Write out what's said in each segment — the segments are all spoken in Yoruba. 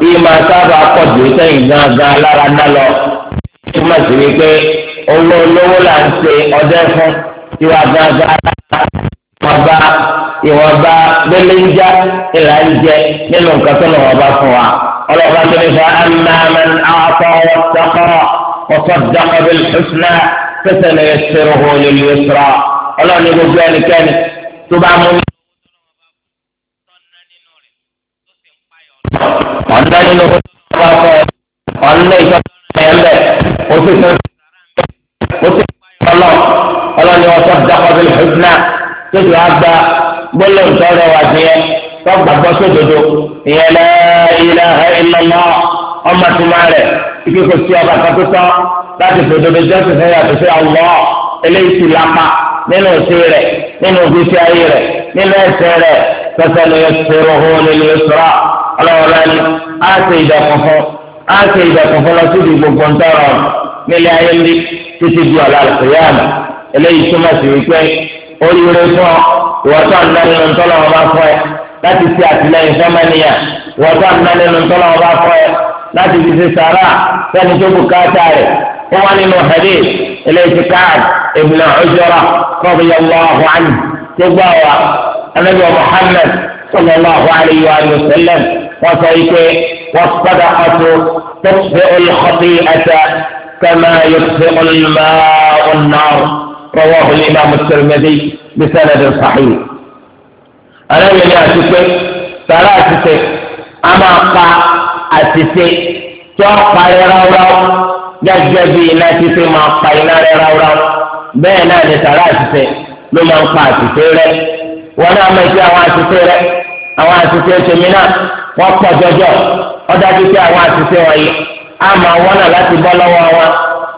yìí máa sábà pọ̀jù sẹ́yìn gángan lára ná lọ. túmọ̀ sí wípé owó olówó là ń ṣe ọdẹ fún tiwa gángan wọn bá ìwọ̀n bá gbélé ń já ìlà ń jẹ nínú nǹkan tó lọ́wọ́ bá fún wa. ọlọ́ba tó ní fa amáàmán àtọ̀ ọ̀tọ̀kọ̀ ọ̀tọ̀dọ̀kọ̀ bí lùsùnà pẹ̀sẹ̀ ní ìṣòro olùlù ìṣòro ọlọ́run ní gbogbo ẹnikẹ́ni tó bá mú wọn dá nínú ọba kọ wọn lé ìjọ ẹyẹ lẹ o ti sọ o ti ọlọ ọlọni ọsọ dàkọbí ìfúnà tètè àgbà gbọlọ ìtọrọ wà sí ẹ tọgbàgbọ sódodo ìyẹn lẹ ilẹ ìlọlọ ọmọ tuma rẹ ike kò sí ọba kan tó tán láti fòdodo jọ́sìn fẹ́ yàtọ̀ sí ọlọ́ eléyìí ti lápá nínú òsè rẹ̀ nínú gbèsè ayé rẹ̀ nínú ẹsẹ̀ rẹ̀ tọ́sẹ̀ lè sọ̀rọ̀ hó lè lè sọ̀rọ̀ ọlọ́wọ́lá ni á ṣe ìdẹ̀kùn fún á ṣe ìdẹ̀kùn fún lọ síbi gbogbo ń tọrọ nílé ayé ń bí títí di ọ̀la àlùkòyàmù eléyìí túmọ̀ sí wípé oríire fún ọ ìwọ́tọ̀ ńlá nínú ntọ́lọ́ ẹ láti ṣe àtìlẹyìn fọ́mẹ́nìyà ìwọ́tọ̀ ńlá nínú ntọ́lọ́ wọn ẹ láti fi ṣe sàrà sẹ́ni tó bùkátà rẹ̀ هو من حديث إليه كعب ابن عجرة رضي الله عنه تبوا النبي محمد صلى الله عليه وآله وسلم وصيته والصدقة تطفئ الخطيئة كما يطفئ الماء النار رواه الإمام الترمذي بسند صحيح أنا من أتسك ثلاثة أما قا أتسك توقع يراو gẹ́gẹ́ bí iná títí máa pa iná rẹ ráúráú bẹ́ẹ̀ náà ni sàrà àtìsẹ́ ló máa ń pa àtìsẹ́ rẹ wọn náà mọ̀ sí àwọn àtìsẹ́ rẹ àwọn àtìsẹ́ tèmi náà wọ́n pọ̀ jọjọ wọ́n dájú pé àwọn àtìsẹ́ wọ̀nyí á máa wọ́nà láti bọ́ lọ́wọ́ wọn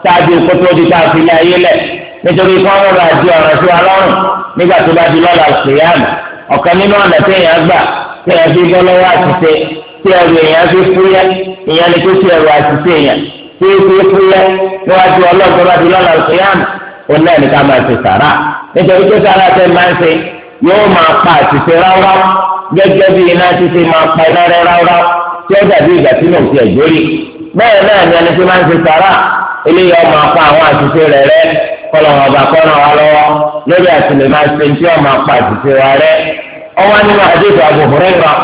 ṣáájú kótó di tá a fi lé ayé lẹ̀ nítorí kí wọ́n rà di ọ̀rọ̀ sí wa lọ́rùn nígbà tó bá di lọ́la ṣèyáàmù ọ̀kan nínú ọ̀nà téèyàn gbà téèyàn fi bọ́ lọ́wọ́ àtìsẹ́ tí ẹrù èèyàn fi fúyẹ́ ìyẹn ni kó ti ẹrù àtìsẹ́ yẹn déédéé fúyẹ́ níwájú ọlọ́dún láti lọ́la ìṣẹ́yàm òun náà ní ká máa ṣe sàrà nítorí pé sàrà tẹ́ máa ń ṣe yóò máa pa àṣìṣe ráúráú gẹ́gẹ́ bí iná ti máa pa iná rẹ ráúráú tí ó dàbí ìgbà tí mò ń fi ẹ̀jọ́ rí bẹ́ẹ̀ náà ni ẹni tí máa ń ṣe sàrà eléyìí ọmọ apá àwọn àṣìṣe rẹ rẹ kọlọ ọba kọlọ wa lọ́wọ́ lórí àṣìlè máa ṣe tí ọmọ apá àṣìṣe wa rẹ ọwọ́ nínú àdéhùn Abu Hurairah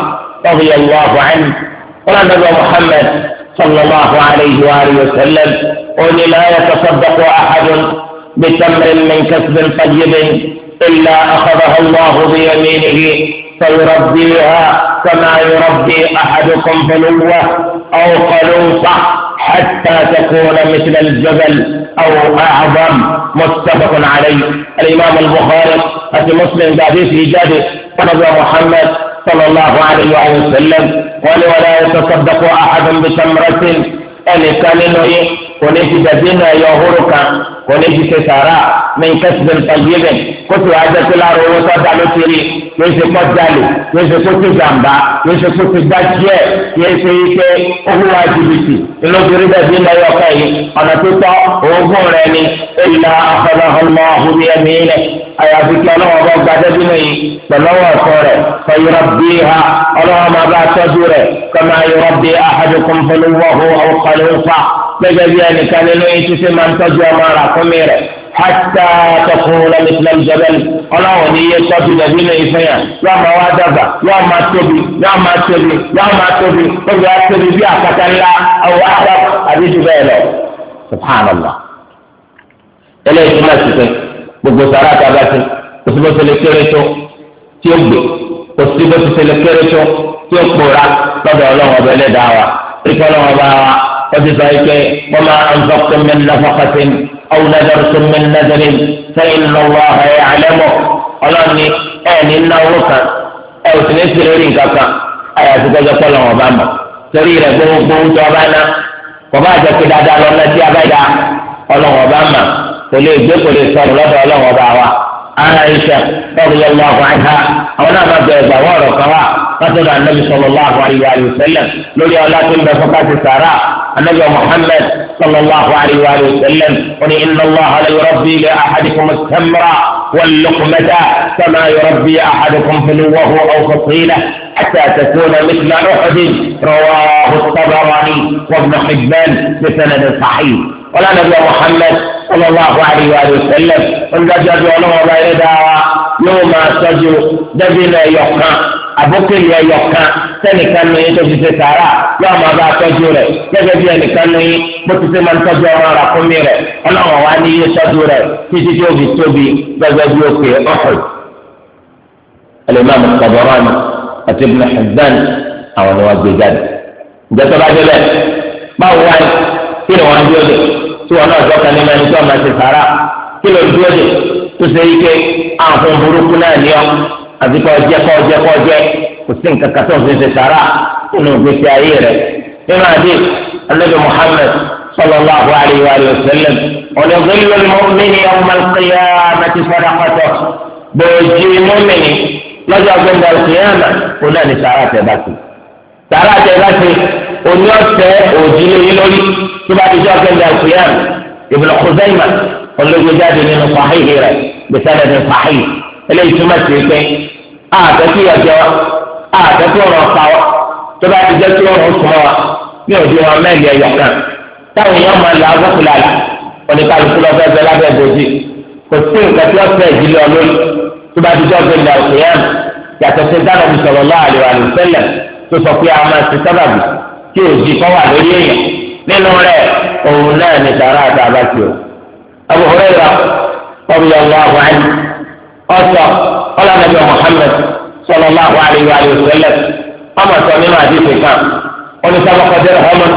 صلى الله عليه وآله وسلم قل لا يتصدق أحد بتمر من كسب طيب إلا أخذها الله بيمينه فيربيها كما يربي أحدكم فلوة أو قلوصة حتى تكون مثل الجبل أو أعظم متفق عليه الإمام البخاري في مسلم بعد في جاده محمد صلى الله عليه وسلم ولا يتصدق أحد بتمرة أن كان kò ní fi dàbínú ẹyọ ọhúrú kan kò ní fi ṣe sàrà mẹ́yìn kẹ́sìbẹ̀n tàgbébẹ̀ kó tó wá jẹ́ pé láàrọ̀ owó sọ́dà ló ti rí yóò ṣe kó jalè yóò ṣe kó ti jàǹbá yóò ṣe kó ti gbájúẹ̀ yóò ṣe ike owó jìbìtì ìlóbìrí dàbínú ẹyọ kan yìí ọ̀nà tó tọ́ òógùn rẹ ni ìlà àfọlọ́ ọmọ ọ̀hún yẹn mi ilẹ̀ àyàfi kí ọlọ́wọ́ bá gbadé bínú yìí pẹ̀lọ́wọ́ ọ̀sọ́ rẹ̀ fẹ̀yọ̀rọ̀ bí ha ọlọ́wọ́ máa bá tọ́jú rẹ̀ kọ́má yọ̀rọ̀ bí ahadùkùn fẹlẹ́wọ́ ọ̀hún ọ̀kọ́lẹ́wọ́ fà gẹ́gẹ́ bí ẹnìkan nínú yín ti ṣe máa ń tọ́jú ọmọ ara fún mi rẹ̀ hata tọkùn lẹ́nu tí lẹ́nu jẹ́bẹ́ ni ọlọ́run ní iye tọ́jú lẹ́bí ní ìfẹ́ yẹn yóò máa wá dàgbà yóò máa tóbi yóò máa tóbi yóò máa tóbi tóbi á tóbi bí àkàtà ńlá ọwọ́ àdá àbí bẹ́ẹ̀ lọ subhanallah eléyìí tó ti sè gbogbo sàrà àtàbà sí kò sí tí ó gbé kò sí وجزاك وما أنفقتم من نفقة أو نذرتم من نذر فإن الله يعلمه ọlọ́ni ẹ ní ná owó kan ẹ ò sì ní sí lórí nǹkan kan ayé àtijọ́ pọ̀lọ́ wọn bá mọ̀ torí rẹ̀ gbogbo tó ọba ná bàbá àjọ pé dáadáa lọ́nà tí a bá dá ọlọ́wọ́n bá mọ̀ kò lè gbé kò lè sọ̀rọ̀ lọ́dọ̀ ọlọ́wọ́n bá wa. عائشة رضي الله عنها أولا ما بيزوار القراء قتل النبي صلى الله عليه وآله وسلم لولي أولا كل فقات سارة النبي محمد صلى الله عليه وآله وسلم قل إن الله ليربي لأحدكم التمر واللقمة كما يربي أحدكم فلوه أو فصيلة حتى تكون مثل أحد رواه الطبراني وابن حبان بسند صحيح ولا نبي محمد صلى الله عليه وآله وسلم ونجد ولو غير دعوة يوم سجو دبل يقع abókèlè ẹyọ kan sẹ́nìkan ní yín tó ti ṣe sàárà yóò máa bá tọ́jú rẹ̀ gẹ́gẹ́ bí ẹnìkan ní yín bó ti ṣe máa ń tọ́jú ọmọ rà fún mi rẹ̀ ọlọ́run wá ní yín tọ́jú rẹ̀ títí tí ó fi tóbi gẹ́gẹ́ bí ó pè ọ̀hún. alimami Tabarani àti Ibn Hibban àwọn ni wọ́n gbé jáde. ìjọba débẹ̀ báwo wáyé kí ló wọn dúró de tí wọn náà dọ́kan nínú ẹni tí wọn máa ti sàrà kí ló dúró de tó ṣe yí pé àǹfọ̀n burúkú náà ní ọ àti kọ́ jẹ́ kọ́ jẹ́ kọ́ jẹ́ kò sí nǹkan kan tó ń fi ṣe sàrà nínú ìgbésí ayé rẹ̀ nínú àdé anabi muhammed sallallahu alayhi wa sallam ọ̀nà ìgbélé mọ́mìnì ọmọ ìkéyàmẹ́ ti sọ́dọ̀ pàtó mọ́mìnì lọ́jọ́ gbẹ̀ngàn ìkéyàmẹ́ tó bá dijọ́ gbẹ̀ngà ìfìyàn Ibn Khuzaimah olóògbé jáde nínú sàhíhì rẹ̀ gbèsèlè ní sàhíhì eléyìí túmọ̀ sí pé àtẹ̀tí ọjọ́ àtẹ̀tí ọ̀rọ̀ ọ̀pá wa tó bá dijọ́ tí wọ́n mú sùnmọ́ wa ní òdi wọn mẹ́lì ẹ̀yọ̀ kan táwọn èèyàn máa la ọgọ́kùlàlà oníkàlùkù lọ́fẹ́ bẹ lábẹ́ bòjì kò sí nǹkan tí wọ́n fẹ́ ìdílé ọlọ́run tó bá dijọ́ gbẹ̀ngà ìfìyàn yàtọ̀ sí dáná sallallahu alaihi wa sallam tó sọ pé ti sábàbí kí òjì kọ́ wà lórí èèyàn nínú rẹ̀ òun náà ní sàrà àtàbà tí o. Abu Hurairah radiyallahu anhu ọ̀sọ̀ muhammed ọlọ́mọdé Muhammad sallallahu alayhi wa sallam ọmọ sọ nínú àdìsí kan onísàbọ̀kọ dirhaman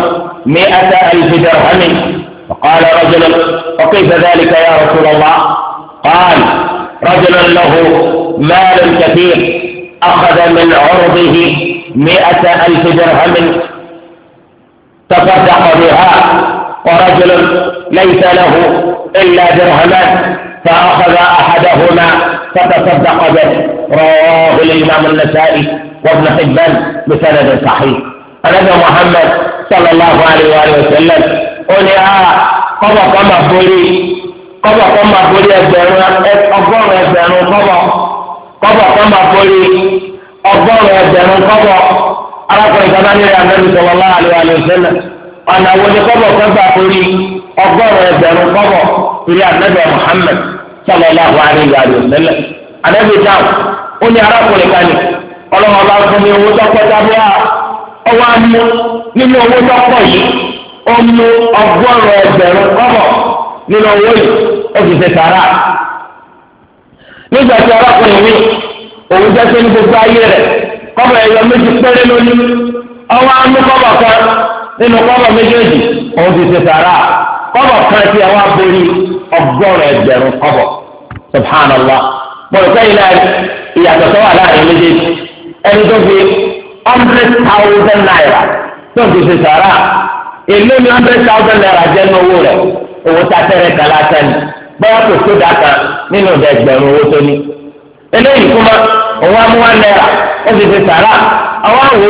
mi'ata alfi dirhamin فقال رجل وكيف ذلك يا رسول الله قال رجل له مال كثير ní ẹsẹ عرضه مئة ألف درهم تصدق بها ورجل ليس له إلا درهمان فأخذ أحدهما فتصدق به رواه الإمام النسائي وابن حبان بسند صحيح النبي محمد صلى الله عليه وآله وسلم قل يا قضى كما بولي قضى كما بولي أبدان أبدان أبدان قضى قضى كما بولي أبدان أبدان قضى arákùnrin kan náà nílẹ̀ Ànábì sallallahu alaihi wa sallam ọ̀nà àwọn oníkọ́bọ̀ kan gbà torí ọgọ́rùn-ún ẹgbẹ̀rún kọ́bọ̀ torí Ànábì Muhammad sallallahu alaihi wa sallam Ànábì dáhùn ó ní arákùnrin kan ní ọlọ́wọ́ bá fún mi owó tọ́pọ̀ tábíà ọwọ́ amú nínú owó tọ́pọ̀ yìí ó mú ọgọ́rùn-ún ẹgbẹ̀rún kọ́bọ̀ nínú owó kọ́bọ̀ ẹ̀yọ méjì péré lónìí ọwọ́ amú kọ́bọ̀ kan nínú kọ́bọ̀ méjèèjì òun ti ṣe sàrà kọ́bọ̀ kan ti àwọn aborí ọgọ́rùn ẹgbẹ̀rún kọ́bọ̀ subhanallah bọ̀dọ̀ sẹ́yìn náà ìyàtọ̀ tó wà láàrin méjèèjì ẹni tó fi hundred thousand naira tó ti ṣe sàrà èlé ní hundred thousand naira jẹ́ ní owó rẹ̀ owó tatẹ́rẹ́ kan látẹ́ni bọ́wọ́ tó tó dàkà nínú ẹgbẹ̀rún owó tó ní eléyìí kúmọ́ òun á mú one naira ó sì fi sàrà àwọn àwò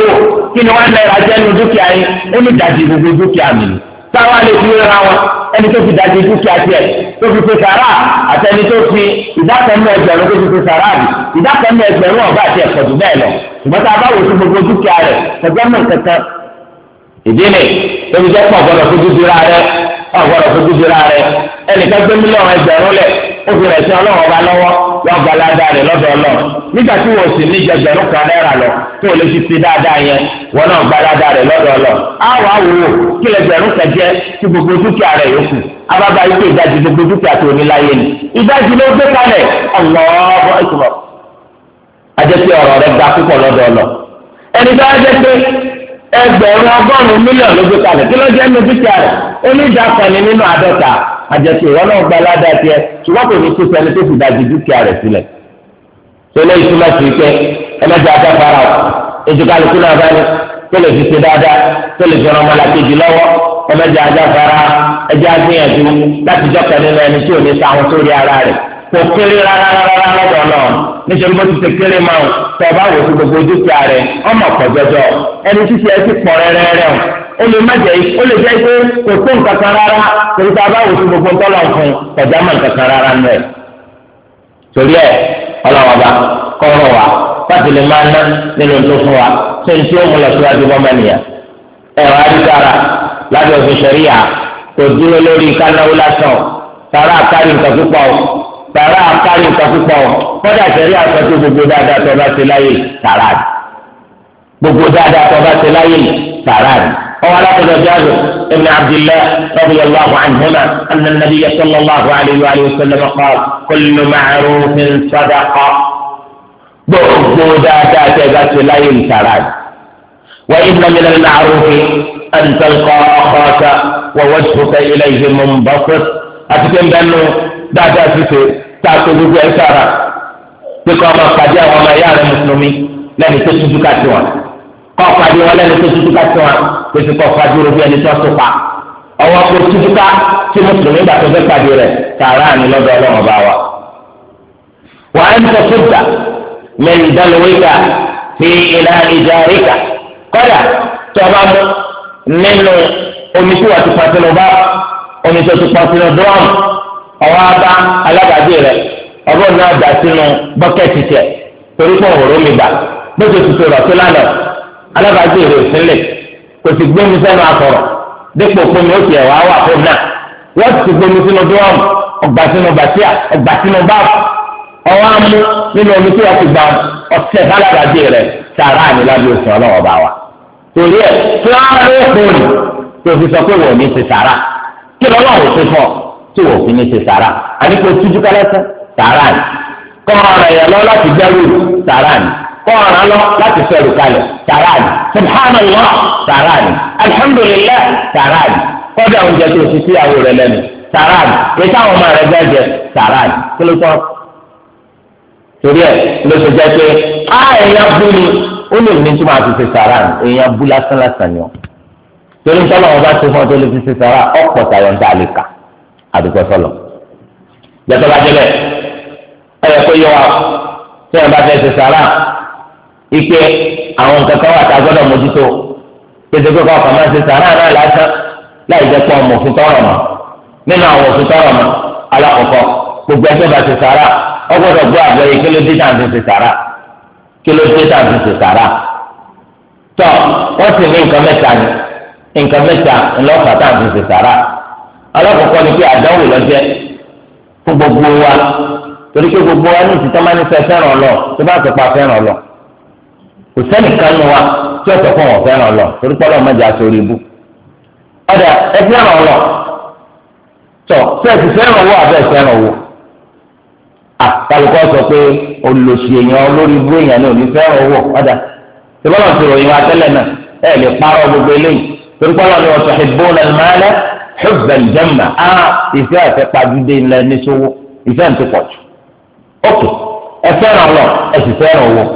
kí ni wọn náírà jẹ nu dúkìá yín ó ní dàjì gbogbo dúkìá mi táwa lè fi ra wọn ẹni tó fi dàjì dúkìá tiẹ̀ tó fi fi sàrà àtẹni tó fi ìdákanú ẹgbẹ̀rún tó fi fi sàrà bì ìdákanú ẹgbẹ̀rún ọba àti ẹkọdù bẹ́ẹ̀ lọ ṣùgbọ́n tá a bá wò sí gbogbo dúkìá rẹ ẹgbẹ̀rún kankan ìdílé tó fi jẹ pọ gbọ́dọ̀ fojú dira rẹ ọgbọ́dọ̀ fojú dira rẹ rẹ sí yọ gbalada rẹ lọ́dọ̀ lọ nígbà tí wọ́n sì ní kan náírà lọ tí wọ́n lè fi fi dáadáa yẹn wọ́n náà gbalada rẹ lọ́dọ̀ lọ. àwọn awòwò kí kan jẹ́ gbogbo dúkìá rẹ̀ yòókù ababa ike gbogbo dúkìá tó ní láyé ni ló gbé kalẹ̀ ìtumọ̀. ọ̀rọ̀ ga púpọ̀ lọ́dọ̀ lọ ẹni ẹgbẹ̀rún ọgọ́rùn-ún mílíọ̀nù ló gbé kalẹ̀ kí jẹ́ nínú dúkìá rẹ̀ nínú àjẹsí ìwọ náà gba aládàá tiẹ̀ ṣùgbọ́n kò ní kú sẹ́ni tó fi dájú dúkìá rẹ̀ sílẹ̀ tẹ́lẹ̀ ìtumọ̀ sí pé ẹlẹ́jọ́ adáfara ọ̀ ejikaluku náà bá ní tẹ́lẹ̀ fi ṣe dáadáa tẹ́lẹ̀ fi ọmọ làkejì lọ́wọ́ ẹlẹ́jọ́ adáfara ẹjẹ́ agbìyànjú láti jọ́kẹ́ nínú ẹni tí ò ní sa àwọn sórí ara rẹ̀ kò kéré rárá rárá lọ́dọ̀ náà nítorí bó ti ṣe kéré máa tọ́ ọ bá wò sí gbogbo dúkìá rẹ̀ ọmọ kọ̀jọ́jọ́ ẹni títí ẹ ti pọ̀ rẹ́rẹ́rẹ́ ó lè má jẹ́ ó lè jẹ́ pé kò tó nǹkan kan rárá torí tá a bá wò sí gbogbo ńtọ́lọ̀ fún ọ̀dà mọ̀ nǹkan kan rárá nù ẹ̀. torí ẹ ọlọ́wọ́ba kọ́rọ̀ wa láti lè máa ná nínú tó fún wa ṣé ní tí ó mú lọ síwájú bọ́ mẹ́nìyà. ẹ wá lábẹ́ òfin ṣẹ̀ríyà kò dúró lórí kánáwó lásán sára àkárí nǹkan púpọ̀ sára àkárí nǹkan púpọ̀ kọ́dà ṣẹ̀ríyà gbogbo dáadáa tó bá ṣe láyè sára وعلى قول جابر بن عبد الله رضي الله عنهما أن النبي صلى الله عليه وآله وسلم قال كل معروف صدقة ذات تبت لا ينكران وإن من المعروف أن تلقى أخاك ووجهك إليه منبسط أتكلم بأنه بعد أسفل تأخذ بإشارة تقام القضية وما يعلم المسلمين لن تسجد كاتوان قام قضية ولن تسجد كاتوان pèsè ka fàdúró bí ẹni tó tó pa ọwọ́ kó tútúká tí mùsùlùmí gbà tó ní bá wa. wà á ń tọ́ sódà mẹ́rin dánilwéka fi ilá ìjà ríkà kọ́dà mú nínú omi tí wà ti pàṣẹ lọ bá omi tó ti pàṣẹ lọ abá náà dà sínú torí òróró mi gbà bó ti tutù sí lánàá kò sì gbómi sẹ́nu akọ̀rọ̀ dípò fún mi ó tiẹ̀ wá wà fún náà wọ́n ti gbómi sínú dúrọ́ọ̀mù ọgbà sínú bàtíà ọgbà sínú báàbù ọwọ́ amú nínú omi tí wọ́n ti gbà ọ̀sẹ̀ bálàdàdì rẹ̀ sàrà ní lábẹ́ òfin ọlọ́wọ́ bá wa. torí ẹ tí wọ́n á lé òkun tó fi sọ pé wọ́n ní ti sàrà kí lọ́wọ́ ò ti fọ́ tí wọ́n fi ní ti sàrà àníkò tújú kálẹ́sẹ̀ sàrà ní kọ́ kọ́ ọ̀ràn lọ láti sọ̀rọ̀ kalẹ̀ tààrà ni subhanallah tààrà ni alhamdulillah tààrà ni kọ́dọ̀ oúnjẹ tó ti síyàwó rẹ lẹ́nu tààrà ni ètò àwọn ọmọ rẹ jẹ́jẹ tààrà ni kí ló tọ́ torí ẹ ló ṣe pé á èèyàn bú ni ó lè ní tí máa fi ṣe ni èèyàn bú lásán lásán ni ọ torí sọlọ wọn bá ṣe fún ọ tó lè fi ṣe tààrà ọ̀pọ̀ tààrà ń tà kà àdúgbò sọlọ yàtọ̀ bá jẹ́ ẹ yẹ kó yọ wa tí wọn bá fẹ́ ṣe tààrà ike àwọn nǹkan kan wà tá a gbọ́dọ̀ mójútó pété pé kọ́ ọ̀kan máa ṣe sàrà náà lásán láì jẹ́ pé ọmọ òfin tọrọ mọ́ nínú àwọn òfin tọrọ mọ́ alákọ̀ọ́kọ́ gbogbo ẹgbẹ́ bá ṣe sàrà ọ gbọ́dọ̀ gbọ́ àgbẹ̀yẹ kí ló dé tá à ń ṣe sàrà kí ló dé tá à ń ṣe sàrà tọ́ wọ́n sì ní nǹkan mẹ́ta ni nǹkan mẹ́ta ńlọ́ọ̀fà tá à ń ṣe sàrà alákọ̀ọ́kọ́ ni pé àdánwò lọ́jẹ́ fún gbogbo wa torí pé gbogbo wa ní ìsìtọ́ máa ń sẹ fẹ́ràn lọ kò sẹ́nìkan nu wa tí ọ̀sẹ̀ fún wọn fẹ́ràn lọ torí pọ́lọ́ mẹ́jọ aṣọ́rí ibú ọ̀dà ẹ fẹ́ràn lọ tọ̀ sẹ́ẹ̀sì fẹ́ràn owó àbẹ́ fẹ́ràn owó àtàlùkọ́ sọ pé olùlòsì èèyàn olórí ibú èèyàn náà ní fẹ́ràn owó ọ̀dà tìbọ́lọ̀ ti ròyìn wa tẹ́lẹ̀ náà ẹ lè parọ́ gbogbo eléyìí torí pọ́lọ́ ni wọ́n sọ ìbò náà máa lẹ́ ṣùgbọ́n ìjẹ́mà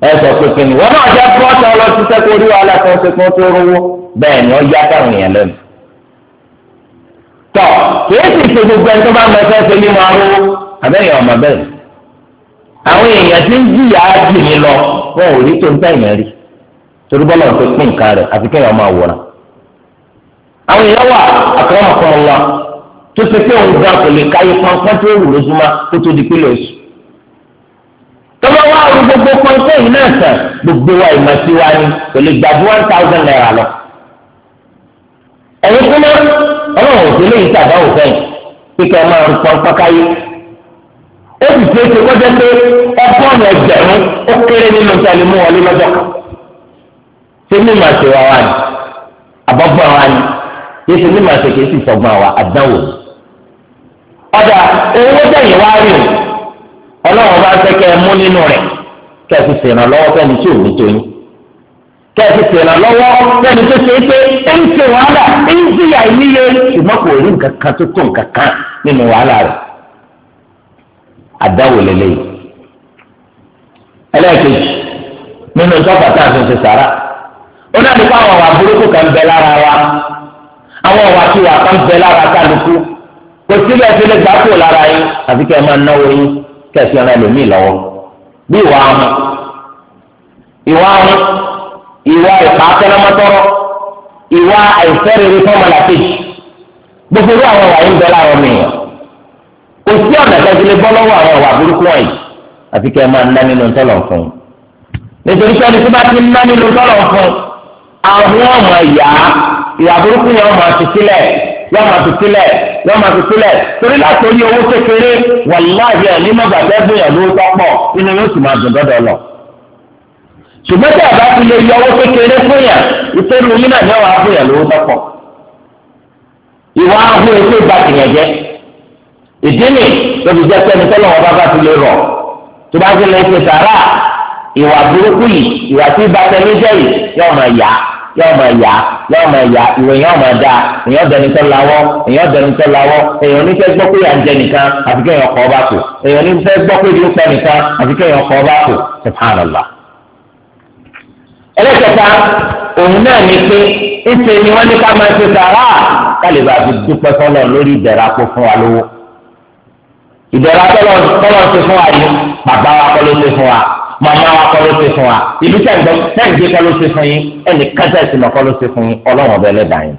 ẹ sọ pé kí ni wọn náà jẹ pọ́ńtà lọ sí sẹ́kọ̀ orí wàhálà kan ṣe kí wọ́n tó rówó bẹ́ẹ̀ ni wọ́n yá táwọn èèyàn lẹ́nu. tọ́ kìí sì ṣe gbogbo ẹni tó bá mọ ẹsẹ̀ ṣe máa rówó àbẹ́yẹn ọmọ bẹ́ẹ̀ àwọn èèyàn ti ń jìyà jì mí lọ wọn ò rí tó ń tẹ̀yìn rí torí bọ́lá ń tó pín nǹkan rẹ̀ àfi kéèyàn máa wòran. àwọn èèyàn wà àkọ́rọ̀ wọn tó ṣe pé òun gan kò lè káyé pọnpọ́n tó wù tọ́lá wá ru gbogbo kọ́ńtẹ́ẹ̀nì náà tán gbogbo wa ìmọ̀ sí wa ni kò lè gbàdú one thousand naira lọ. ẹ̀yin kúmọ́ ọlọ́run ò sí léyìí tàbá òfin kíkẹ́ máa ń pọn pákáyé. ó sì ṣe é ṣe kọjá pé ọgọ́rùn-ún ẹgbẹ̀rún ó kéré nínú ìtàlẹ̀ mú wọlé lọ́jọ́ kan. ṣé mímọ àṣẹ wa wà ní àbọ̀gbọ̀n wa ní yé ṣe mímọ àṣẹ kìí sì sọgbọ́n wa àdánwò. ọ̀dà owó tẹ̀yìn ọlọ́run bá fẹ́ mú nínú rẹ̀ kẹ́ ẹ fi fẹ́ni tí ò tó yín kẹ́ ẹ fi fẹ́ni tó ṣe é pé ẹ ń ṣe wàhálà ẹ ń jìyà ìníye ṣùgbọ́n kò rí nǹkan kan tó tó nǹkan kan nínú wàhálà rẹ̀ àdáwò lélẹ́yìí ẹlẹ́ẹ̀kejì nínú àti ṣe sàrà ó náà nípa àwọn burúkú kan wa àwọn kan bẹ lára kálukú kò síbẹ̀ tẹ̀sí ọ̀rẹ́ lòmíì lọ́wọ́ bí ìwà ahun ìwà ahun ìwà ìpa akẹ́lẹ́mọ́tọ́rọ́ ìwà àìfẹ́rẹ̀rẹ̀ fọ́mọlàkejì gbogbo irú àwọn wàyí ń bẹ láwọn mìíràn kò sí ọ̀nà kẹ́sílẹ̀ bọ́ lọ́wọ́ àwọn ìwà burúkú wọ̀nyí àfi kẹ́ ẹ máa ná nínú tọ́lọ̀ fún un nítorí pé ẹni tó bá ti ná nínú tọ́lọ̀ fún un àwọn ọmọ ìyá ìyà burúkú yẹn ọmọ àti sílẹ̀ yọ máa tún sílẹ̀ yọ máa tún sílẹ̀ torí láti orí owó kékeré wàláhì ẹni mọgbà tẹ gbìyàn lówó tọpọ inú yóò sì máa dùn dọdọ lọ. ṣùgbọ́n tí àbá ti lè yọ owó kékeré fún yàn ìtẹ́nu yín náà yọ wàá fún yàn lówó tọpọ. ìwà ahọ́n ètò ìbátìyàn jẹ́ ìdí nì lóbi jẹ́ pẹ́ni tọ́lọ́ wọn bá bá ti lè rọ̀ tó bá ti lè ṣe sàrà ìwà burúkú yìí ìwà tí ìbátẹ́ni jẹ́ yìí yọ yóò máa yá yóò máa yá ìròyìn yóò máa dáa èèyàn dẹni tó lawọ́ èèyàn dẹni tó lawọ́ èèyàn ní fẹ́ gbọ́ pé à ń jẹ nìkan àfi kéèyàn kọ́ bá kù èèyàn ní fẹ́ gbọ́ pé ìlú pẹ́ nìkan àfi kéèyàn kọ́ bá kù subhanallah. ẹlẹ́kẹta òun náà ní pé ìṣe ni wọ́n ní ká máa ṣe sàrà kálíbà fi dúpẹ́ fọlọ́ lórí ìdẹ̀ra kó fún wa lówó ìdẹ̀ra tọ́lọ́ ṣe fún wa yìí màmá wa kọ́ ló ṣe fún wa ìlú tẹ̀gbẹ́ tẹ̀gbẹ́ kọ́ ló ṣe fún yín ẹnì kẹsẹ̀ sì kọ́ ló ṣe fún yín ọlọ́run ọbẹ̀ lẹ́dàá yín.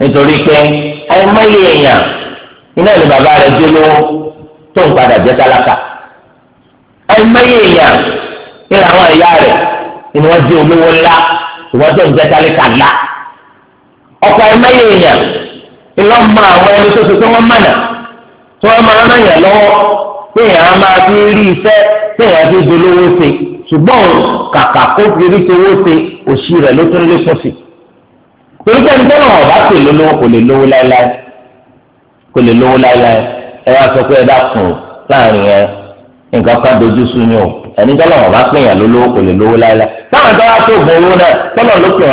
nítorí pé èèyàn iná bàbá dé lówó tó ń padà jẹ́ tálákà èèyàn àwọn ẹ̀yà ni wọ́n di olówó ńlá ìwọ́n tó ń jẹ́ tálákà ńlá ọ̀pọ̀ èèyàn téèyàn á máa fi rí iṣẹ́ téèyàn fi dolówó ṣe ṣùgbọ́n kàkà kó fi rí towó ṣe òṣì rẹ̀ ló tún lé sí. ọba kò lè lówó láéláé kò lè lówó láéláé ẹ wá sọ pé ẹ láàrin ẹ nǹkan dojú sú ni o ẹni bá pèèyàn kò lè lówó láéláé táwọn tó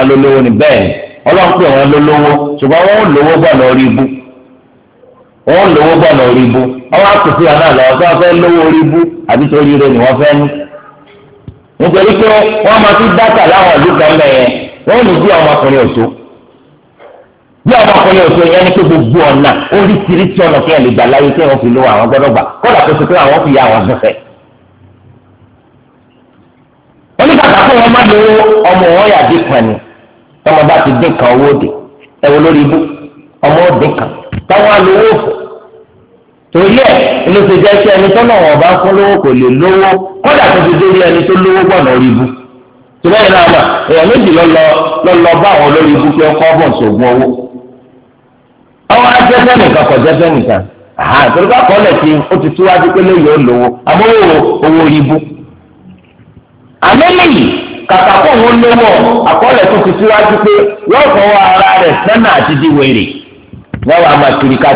ni bẹ́ẹ̀ ni ọlọ́run pè wọn ṣùgbọ́n wọn ò lówó wọ́n lówó gbọ́nà orí bú ọwọ́ àkùsí wa náà lọ́wọ́ sọ́wọ́ fẹ́ lówó orí bú àbí torí rẹ ni wọ́n fẹ́ ní. nítorí pé máa ti dáta láwọn ní bí gbogbo ọ̀nà oríṣiríṣi ọ̀nà kí lè gbà láyé kí fi lówó àwọn gbọ́dọ̀ gbà kọ́dà tó ti pé àwọn fi fẹ́fẹ́. wọn má lówó ọmọ wọn yà ni torí ẹ ló ti jẹ́ kí ẹni tọ́nà wọn bá fún lówó kò lè lówó tó ti dé ẹni ibu tìbẹ́ yìí náà èèyàn méjì lọ́lọ́ bá àwọn olórí ibu pé ọkọ bọ̀ ṣògùn owó àwọn ajẹ́fẹ́ nìkan kọ̀ jẹ́fẹ́ nìkan àtòlù bá kọ́lẹ̀ tí ó ti túwájú pé lóye ó lówó owó ibu kàkà kó òun lówó tó ti pé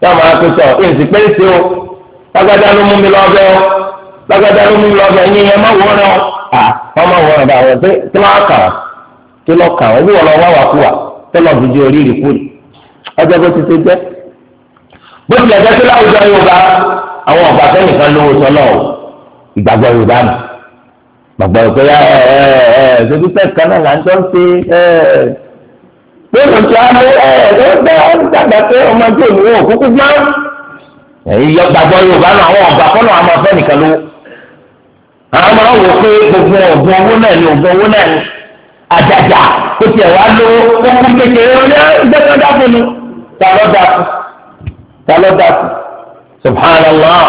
yóò máa tó tọ̀ kí o lágbádá ló mú mi lọ́bẹ̀ o lágbádá ló mú mi lọ́bẹ̀ yín ẹ má wọ́n rẹ o à wọ́n má wọ́n rẹ bá wọ́n pé kí kà wọ́n kí lọ́ọ́ kà wọ́n wá wà lọ́ọ́ kúrì ọjọ́ bó ti jẹ́ bó jẹ́ láwùjọ Yorùbá àwọn ọ̀gbà lórí ìjà ẹ ẹ ẹ dàgbà pé ọmọ ẹgbẹ́ òmìnira òkúkú gbá. ìyọ gbàgbọ́ yorùbá náà àwọn ọ̀gbà fọ́nà àwọn ọ̀fẹ́ nìkan ló. àwọn máa ń wò pé gbogbo ọ̀gbọ̀n owó náà ni ọ̀gbọ̀n owó náà ni àjàjà kò tiẹ̀ wá lówó kókó kékeré ó ní ah, ìgbésẹ̀ dákun ni. ta ló dákun ta ló dákun subhanallah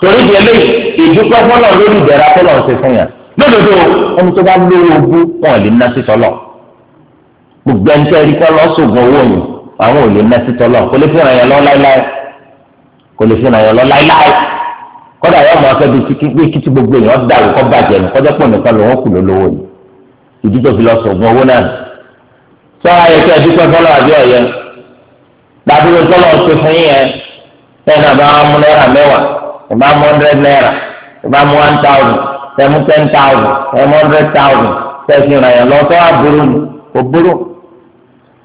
torí di eléyìí ìdúpẹ́ fọ́nà lórí ìdẹ̀ra fọ́nà ọ̀sẹ̀ fún yàn lódodo ẹni tó bá lówó ogún wọn ò lè ná sí sọ́lọ̀ gbogbo ẹni tẹ́ rí kọ́ lọ sóògùn owó ni àwọn ò lè ná sí tọ́lọ̀ kò lè fún àyàn lọ láíláí kò lè fún àyàn lọ láíláí kọ́dà yóò máa fẹ́ bí kíkí gbogbo èèyàn dàrú kọ́ bàjẹ́ ní kọ́jọ́ pọ̀ nìkan lòun kù lólówó ni ìdí tó fi lọ sóògùn owó náà sọ ayẹ kí ẹbí pẹ́ fọ́lọ́ àbí ọ̀yẹ́ dàbílẹ̀ tọ́lọ̀ ṣe fún yín yẹn bẹ́ẹ̀ náà bá wọn mú náírà mẹ́wàá ìbá mú hundred naira thousand tẹ̀mú ten thousand tẹ̀mú hundred thousand tẹ̀sí ìrànyàn lọ sọ́ àbúrò ni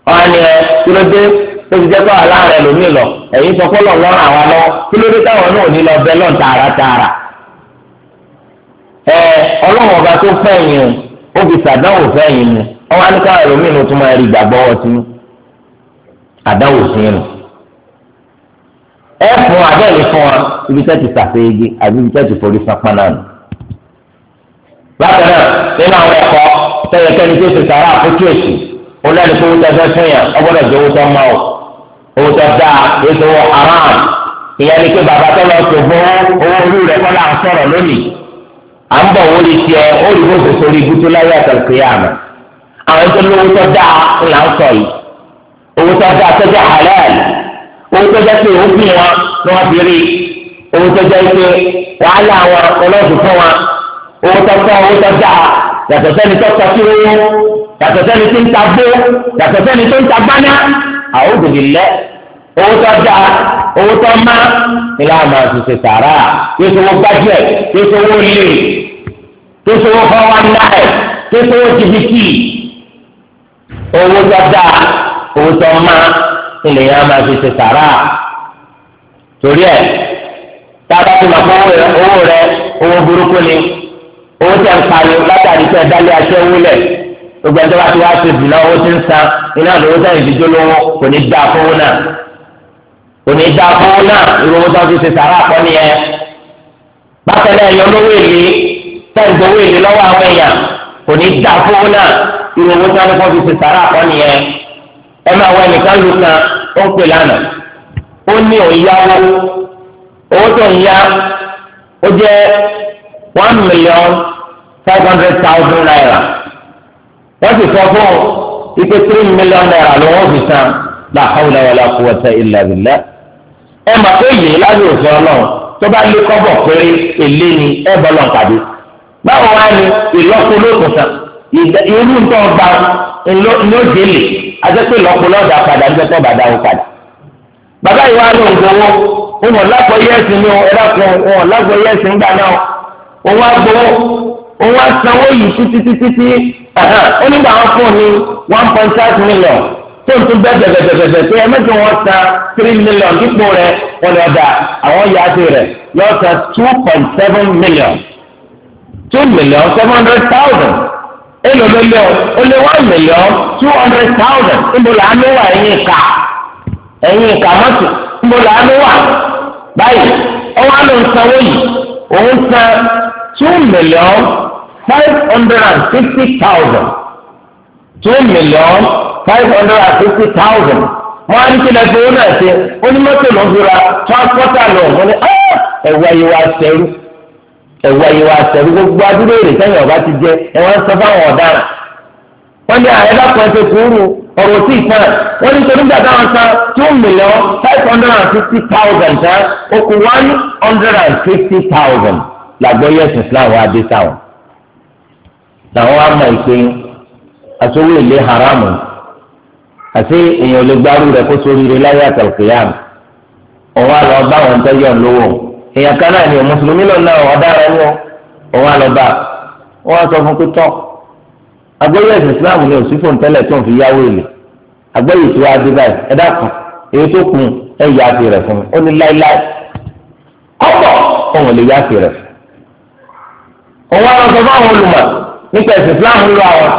ọ̀hánì ẹ kí tóbi jẹ́ kọ́ aláàrẹ lómi lọ ẹ̀yin sọ fọlọ́ wọn lọ ló dé táwọn náà ní lọ bẹ́ẹ̀ lọ́n tààràtààrà. ẹ ọlọ́run ọba tó fẹ́yìn o ó fẹ́yìn mu ọwọ́ aníkàwé lómi wa ibi tẹ́ ti àbí ibi tẹ́ ti forí bákan náà nínú àwọn ẹ̀kọ́ tó òun náà lè fi owó tó fẹ́ fún yàn ọgbọ́dọ̀ fi owó tó mọ́ ọ owó tó dá èyí tó wọ haram ìyẹn ni pé bàbá tó lọ sí owó owó orí rẹ kọ́ là ń sọ̀rọ̀ lónìí à ń bọ̀ wọ́n lè tiẹ̀ ó rí bó fòfò rí ibùtú láyé àtàkùn yà mọ́ àwọn tó lówó tó dá là ń sọ yìí owó tó dá tó jẹ́ owó tó jẹ́ pé òfin wọn ni wọ́n fi rí owó tó pé wàhálà wọn ọlọ́dún yàtọ̀ sẹ́ni tó ń ta gbó yàtọ̀ sẹ́ni tó ń ta gbáná àwọn òbí lẹ owó tó dá owó tó má ilé àmà ṣiṣẹ́ sàrà kí sọ wọ́n gbájúẹ̀ kí sọ wọ́n lè kí sọ wọ́n fọwọ́ náà kí sọ wọ́n jìbìtì owó tó dá owó tó má ilé àmà ṣiṣẹ́ sàrà torí ẹ tábà tó ma fọ owó rẹ owó burúkú ni owó tẹ̀ ń pa látàrí tẹ̀ dálé aṣẹ́wó lẹ̀ gbogbo ẹjọ́ bá ti wá ṣe bìlá owó tí ń san iná lówó sẹ́yìn ìdíjọ́ lówó kò ní dá fowó náà kò ní dá fowó náà irú owó tó ń fi ṣe sàrà àpọ́ nìyẹn. bákan náà yọ lówó èlé sẹ́yìn gbowó èlé lọ́wọ́ àwọn èèyàn kò ní dá fowó náà irú owó tó ń fi ṣe sàrà àpọ́ nìyẹn. ẹ máa wọ ẹnìkan lu kan ó ń pè lánàá ó ní òyáwó owó tó ń yá ó jẹ́ one million five hundred thousand naira. wọ́n sì sọ fún un ipe three million naira ló wọ́n fi san la hawla wala quwwata illa billah ẹ mà pé yìí lábẹ́ òfin ọlọ́run tó bá lé kọ́bọ̀ péré èlé ni ẹ bọ́ lọ́n pàdé báwo wá ní ìlọ́po lóògùn irú nǹkan òun á sanwó yìí títí títí tí ó nígbà wọn fún ní one point five million tó ń tún bẹ́ẹ̀ bẹ̀bẹ̀bẹ̀bẹ̀ pé ẹ mẹ́jọ wọn san three million dípò rẹ̀ wọn lọ dà àwọn yà á ti rẹ̀ yọ san two point seven million two million seven hundred thousand èlò ló lé o ó one million two hundred thousand níbo làánú wà ẹ̀yìn ìka ẹ̀yìn ìka mọ́tò níbo làánú wà báyìí ọwọ́ àlọ́ ń sanwó yìí òun san two million five hundred and fifty thousand two million five hundred and fifty thousand wọ́n á ní kí lẹ́sẹ̀ ó náà ṣe ó ní mọ́tò ló ń fura transporter lọ wọ́n ní ah, ẹ̀wà yìí wá sẹ́rú ẹ̀wà yìí wá sẹ́rú gbogbo adúlé èrè sẹ́yìn ọ̀gá ti jẹ ẹ̀wọ̀n sọ fáwọn ọ̀daràn wọ́n ní àyẹ̀dá ah, kan ṣe sùúrù ọ̀rọ̀ sí ìfẹ́ wọ́n ní torí gbàgbà wọn san two million five hundred and fifty thousand tán ó one hundred and fifty thousand làgbọ́ yẹ̀sìn islam wa dé sáwọn làwọn á mọ̀ ìpè àsowó èlé haramu àti èèyàn lè gbárù rẹ̀ kó sórí rẹ̀ láyé àtàlùkìyàm òun á lọ bá wọn tẹ́jọ́ lówó èèyàn kan náà ni mùsùlùmí lọ náà ọ̀daràn ni òun á lọ bá wọn sọ fún pítọ́ àgbẹ̀yẹ̀ ẹ̀sìn islam ni òsínfò ń tẹ́lẹ̀ tó ń fi yáwó èlé àgbẹ̀yẹ̀ tí wàá dé báyìí ẹ dákun èyí tó kù ẹ yáa rẹ̀ fún mi ó ní láéláé ọ̀pọ̀ òun lè yáa rẹ̀ fún òun àwọn sọ fún àwọn olùmọ̀ nípa ẹ̀sìn Islam ń lọ àwọn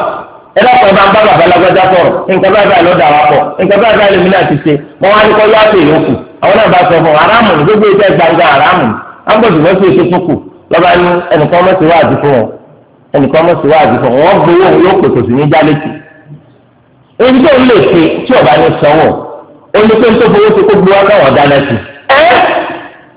ẹ̀rọ kan bá ń bá bàbá lágbájá sọ̀rọ̀ nǹkan bá bá lọ́dà wa pọ̀ nǹkan bá bá lèmi náà ti ṣe wọ́n wá ní kọ́ yá pé yòókù àwọn náà bá sọ fún aráàmù ní gbogbo ìjẹ́ gbangba aráàmù ámbọ̀dù wọ́n sì ṣe tó kù lọ́ba ní ẹnìkan mọ̀ sí wáàdì fún wọn ẹnìkan mọ̀ sí wáàdì fún wọn wọ́n gbowó òun yóò pèsè sí ní jálẹ̀tì. ebi tó ń lè ṣe tí ọba ní sanwó olùkọ́ fowó ti kó gbowó káwọn dáná ẹ́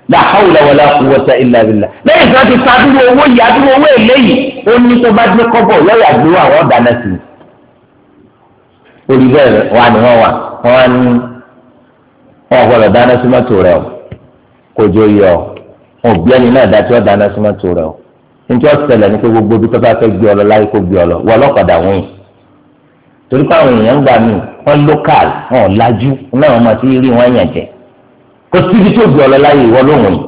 la hawla wala quwwata illa billah lẹ́yìn tó ti sa dúró owó yìí adúró owó èlé yìí ó ní tó bá dé kọ́bọ̀ lọ́yà gbówó àwọn dáná sí i orí bẹ́ẹ̀ wà ní wọ́n wà wọ́n ní wọ́n gbọ́dọ̀ dáná sí mọ́tò rẹ̀ o kò jó yọ o òbí ẹni náà dá tí wọ́n dáná sí mọ́tò rẹ̀ o ní tí ní pé gbogbo bí tó fẹ́ gbé ọ lọ láyé kó gbé ọ lọ wọ́n ọlọ́kadà wọ̀nyí torí pé àwọn èèyàn ń gbà mí wọ́n lókàl wọn lajú náà wọ́n ti rí wọn yàn jẹ́ kò síbi tó gbé ọlọ́lá yìí wọ́n lóhùn yìí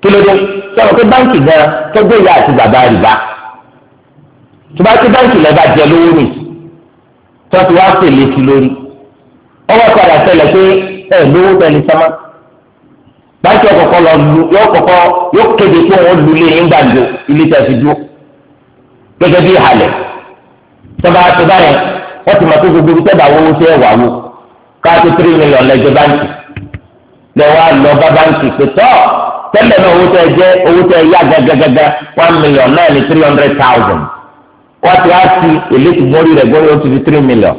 kí ló dé sọ̀rọ̀ pé báǹkì gan tọ́gbẹ́ ìyá àti bàbá rìbá tó bá ti báǹkì lọ́ba jẹ lówó nì tó ti wá pèlè sí lórí ọwọ́ padà ṣẹlẹ̀ pé ẹ lówó bẹni sọ́mọ́ báńkì ọ̀kọ̀ọ̀kọ̀ lọ lu yóò kọ̀kọ́ yóò kéde pé wọ́n lu ilé yín gbàgbó ilé tẹ̀sí dúró gẹ́gẹ́ bí ìhàlẹ̀ tọ́ba tó bá yẹn wọ́n ti lẹ́wọ́ lọ bá báńkì pé tọ́ tẹ́lẹ̀ náà owó tẹ́ jẹ́ owó tẹ́ yá gẹ́gẹ́gẹ́gẹ́ one million náà ní three hundred thousand wọ́n ti wá sí èlé ti mórí rẹ̀ gbọ́dọ̀ ó ti fi three million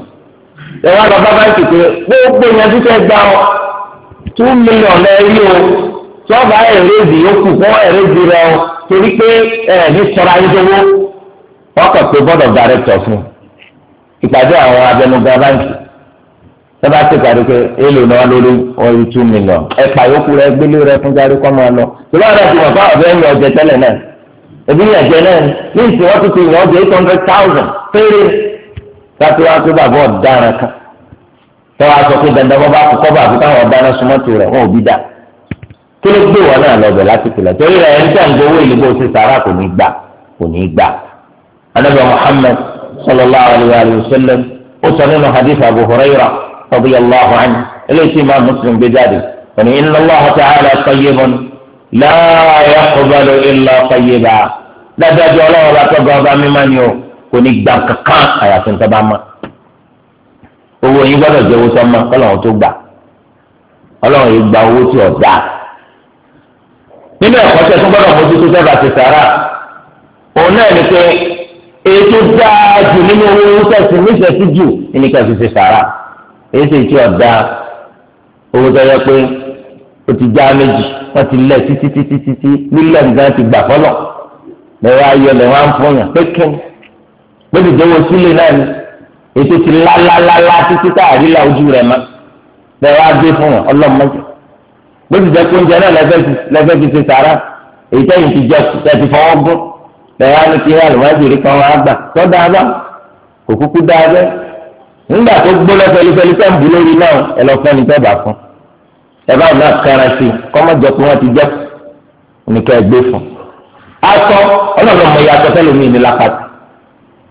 lẹ́wọ́ lọ bá báńkì pé gbogbo yẹn tó tẹ́ gbà ọ́ two million náà rí o sọ́ọ̀bà ẹ̀rẹ́dì yókù fún ẹ̀rẹ́dì rẹ̀ o torí pé ẹ̀ ní sọ́ra ayédowó wọ́n kàn pé board of directors fún ìpàdé àwọn abẹnugan báńkì tẹ́lá ti kàrí pé èlò náà lórí orí two million ẹ̀pà yòókù rẹ gbélé rẹ fún járí kọ́ máa lọ. ìlú ọ̀dà ti wà fún àwọn ẹ̀yìn ọ̀jẹ̀ tẹ́lẹ̀ náà ẹ̀bí ẹ̀jẹ̀ náà ní ìsìn wọ́n ti ti ìwọ̀n ọ̀jẹ̀ eight hundred thousand péré láti wá pé bàbá ọ̀daràn kan tọ́wọ́ aṣọ pé dandan bọ́ bá kú kọ́ bá àfi káwọn ọ̀daràn súnmọ́tò rẹ̀ wọn ò bí dà kí gbé wọn náà lọ́bẹ̀ radiyallahu anhu eléyìí tí Imam Muslim gbé jáde òní inna Allaha ta'ala tayyibun la yaqbalu illa tayyiba dájọ́jọ́ ọlọ́wọ́ bá tọ́gbà ọba mímá ni o kò ní gbà kankan àyàfi nǹkan bá má owó yín gbọ́dọ̀ jẹ́ owó tó má kọ́lọ́wọ́ tó gbà ọlọ́wọ́ yìí gba owó tí ọ̀ dáa nínú ẹ̀kọ́ tẹ tó gbọ́dọ̀ mójútó tẹ́ bá ti sàrà òun náà ni pé èyí tó dáa jù nínú owó tẹ̀sí nífẹ̀ẹ́ sí jù ní ká fi ṣe sàrà èsì tí ọ̀dà owó tó yẹ pé ó ti já méjì wọ́n ti lẹ̀ títí títí títí lílẹ̀ nǹkan ti gbà fọ́lọ̀ lẹ́wọ́ ayọ̀ lẹ́wọ́ à ń fún yàn pékin gbọ́dọ̀ jẹ́wọ́ sílé náà ni ètò ti lálálálá títí tá àrílà ojú rẹ̀ mọ́ lẹ́wọ́ á gbé fún yàn ọlọ́mọdé gbọ́dọ̀ jẹ́ kóúnjẹ náà lẹ́fẹ́ fi ṣe sàrà èyí tẹ́yìn ti jẹ tẹ́tí fọwọ́ gún lẹ́wọ́ á ní nígbà tó gbóná fẹlifẹli fẹ́ ń bu lórí náà ẹ lọ fẹ́ ni tẹ́ bá fún ẹ bá náà kẹran sí kọ́mọ́jọ pé wọ́n ti jẹ́ ní kẹ́ ẹ gbé fún. aṣọ ọlọ́run mọ̀ yàtọ̀ fẹ́ lómi ní lápàtì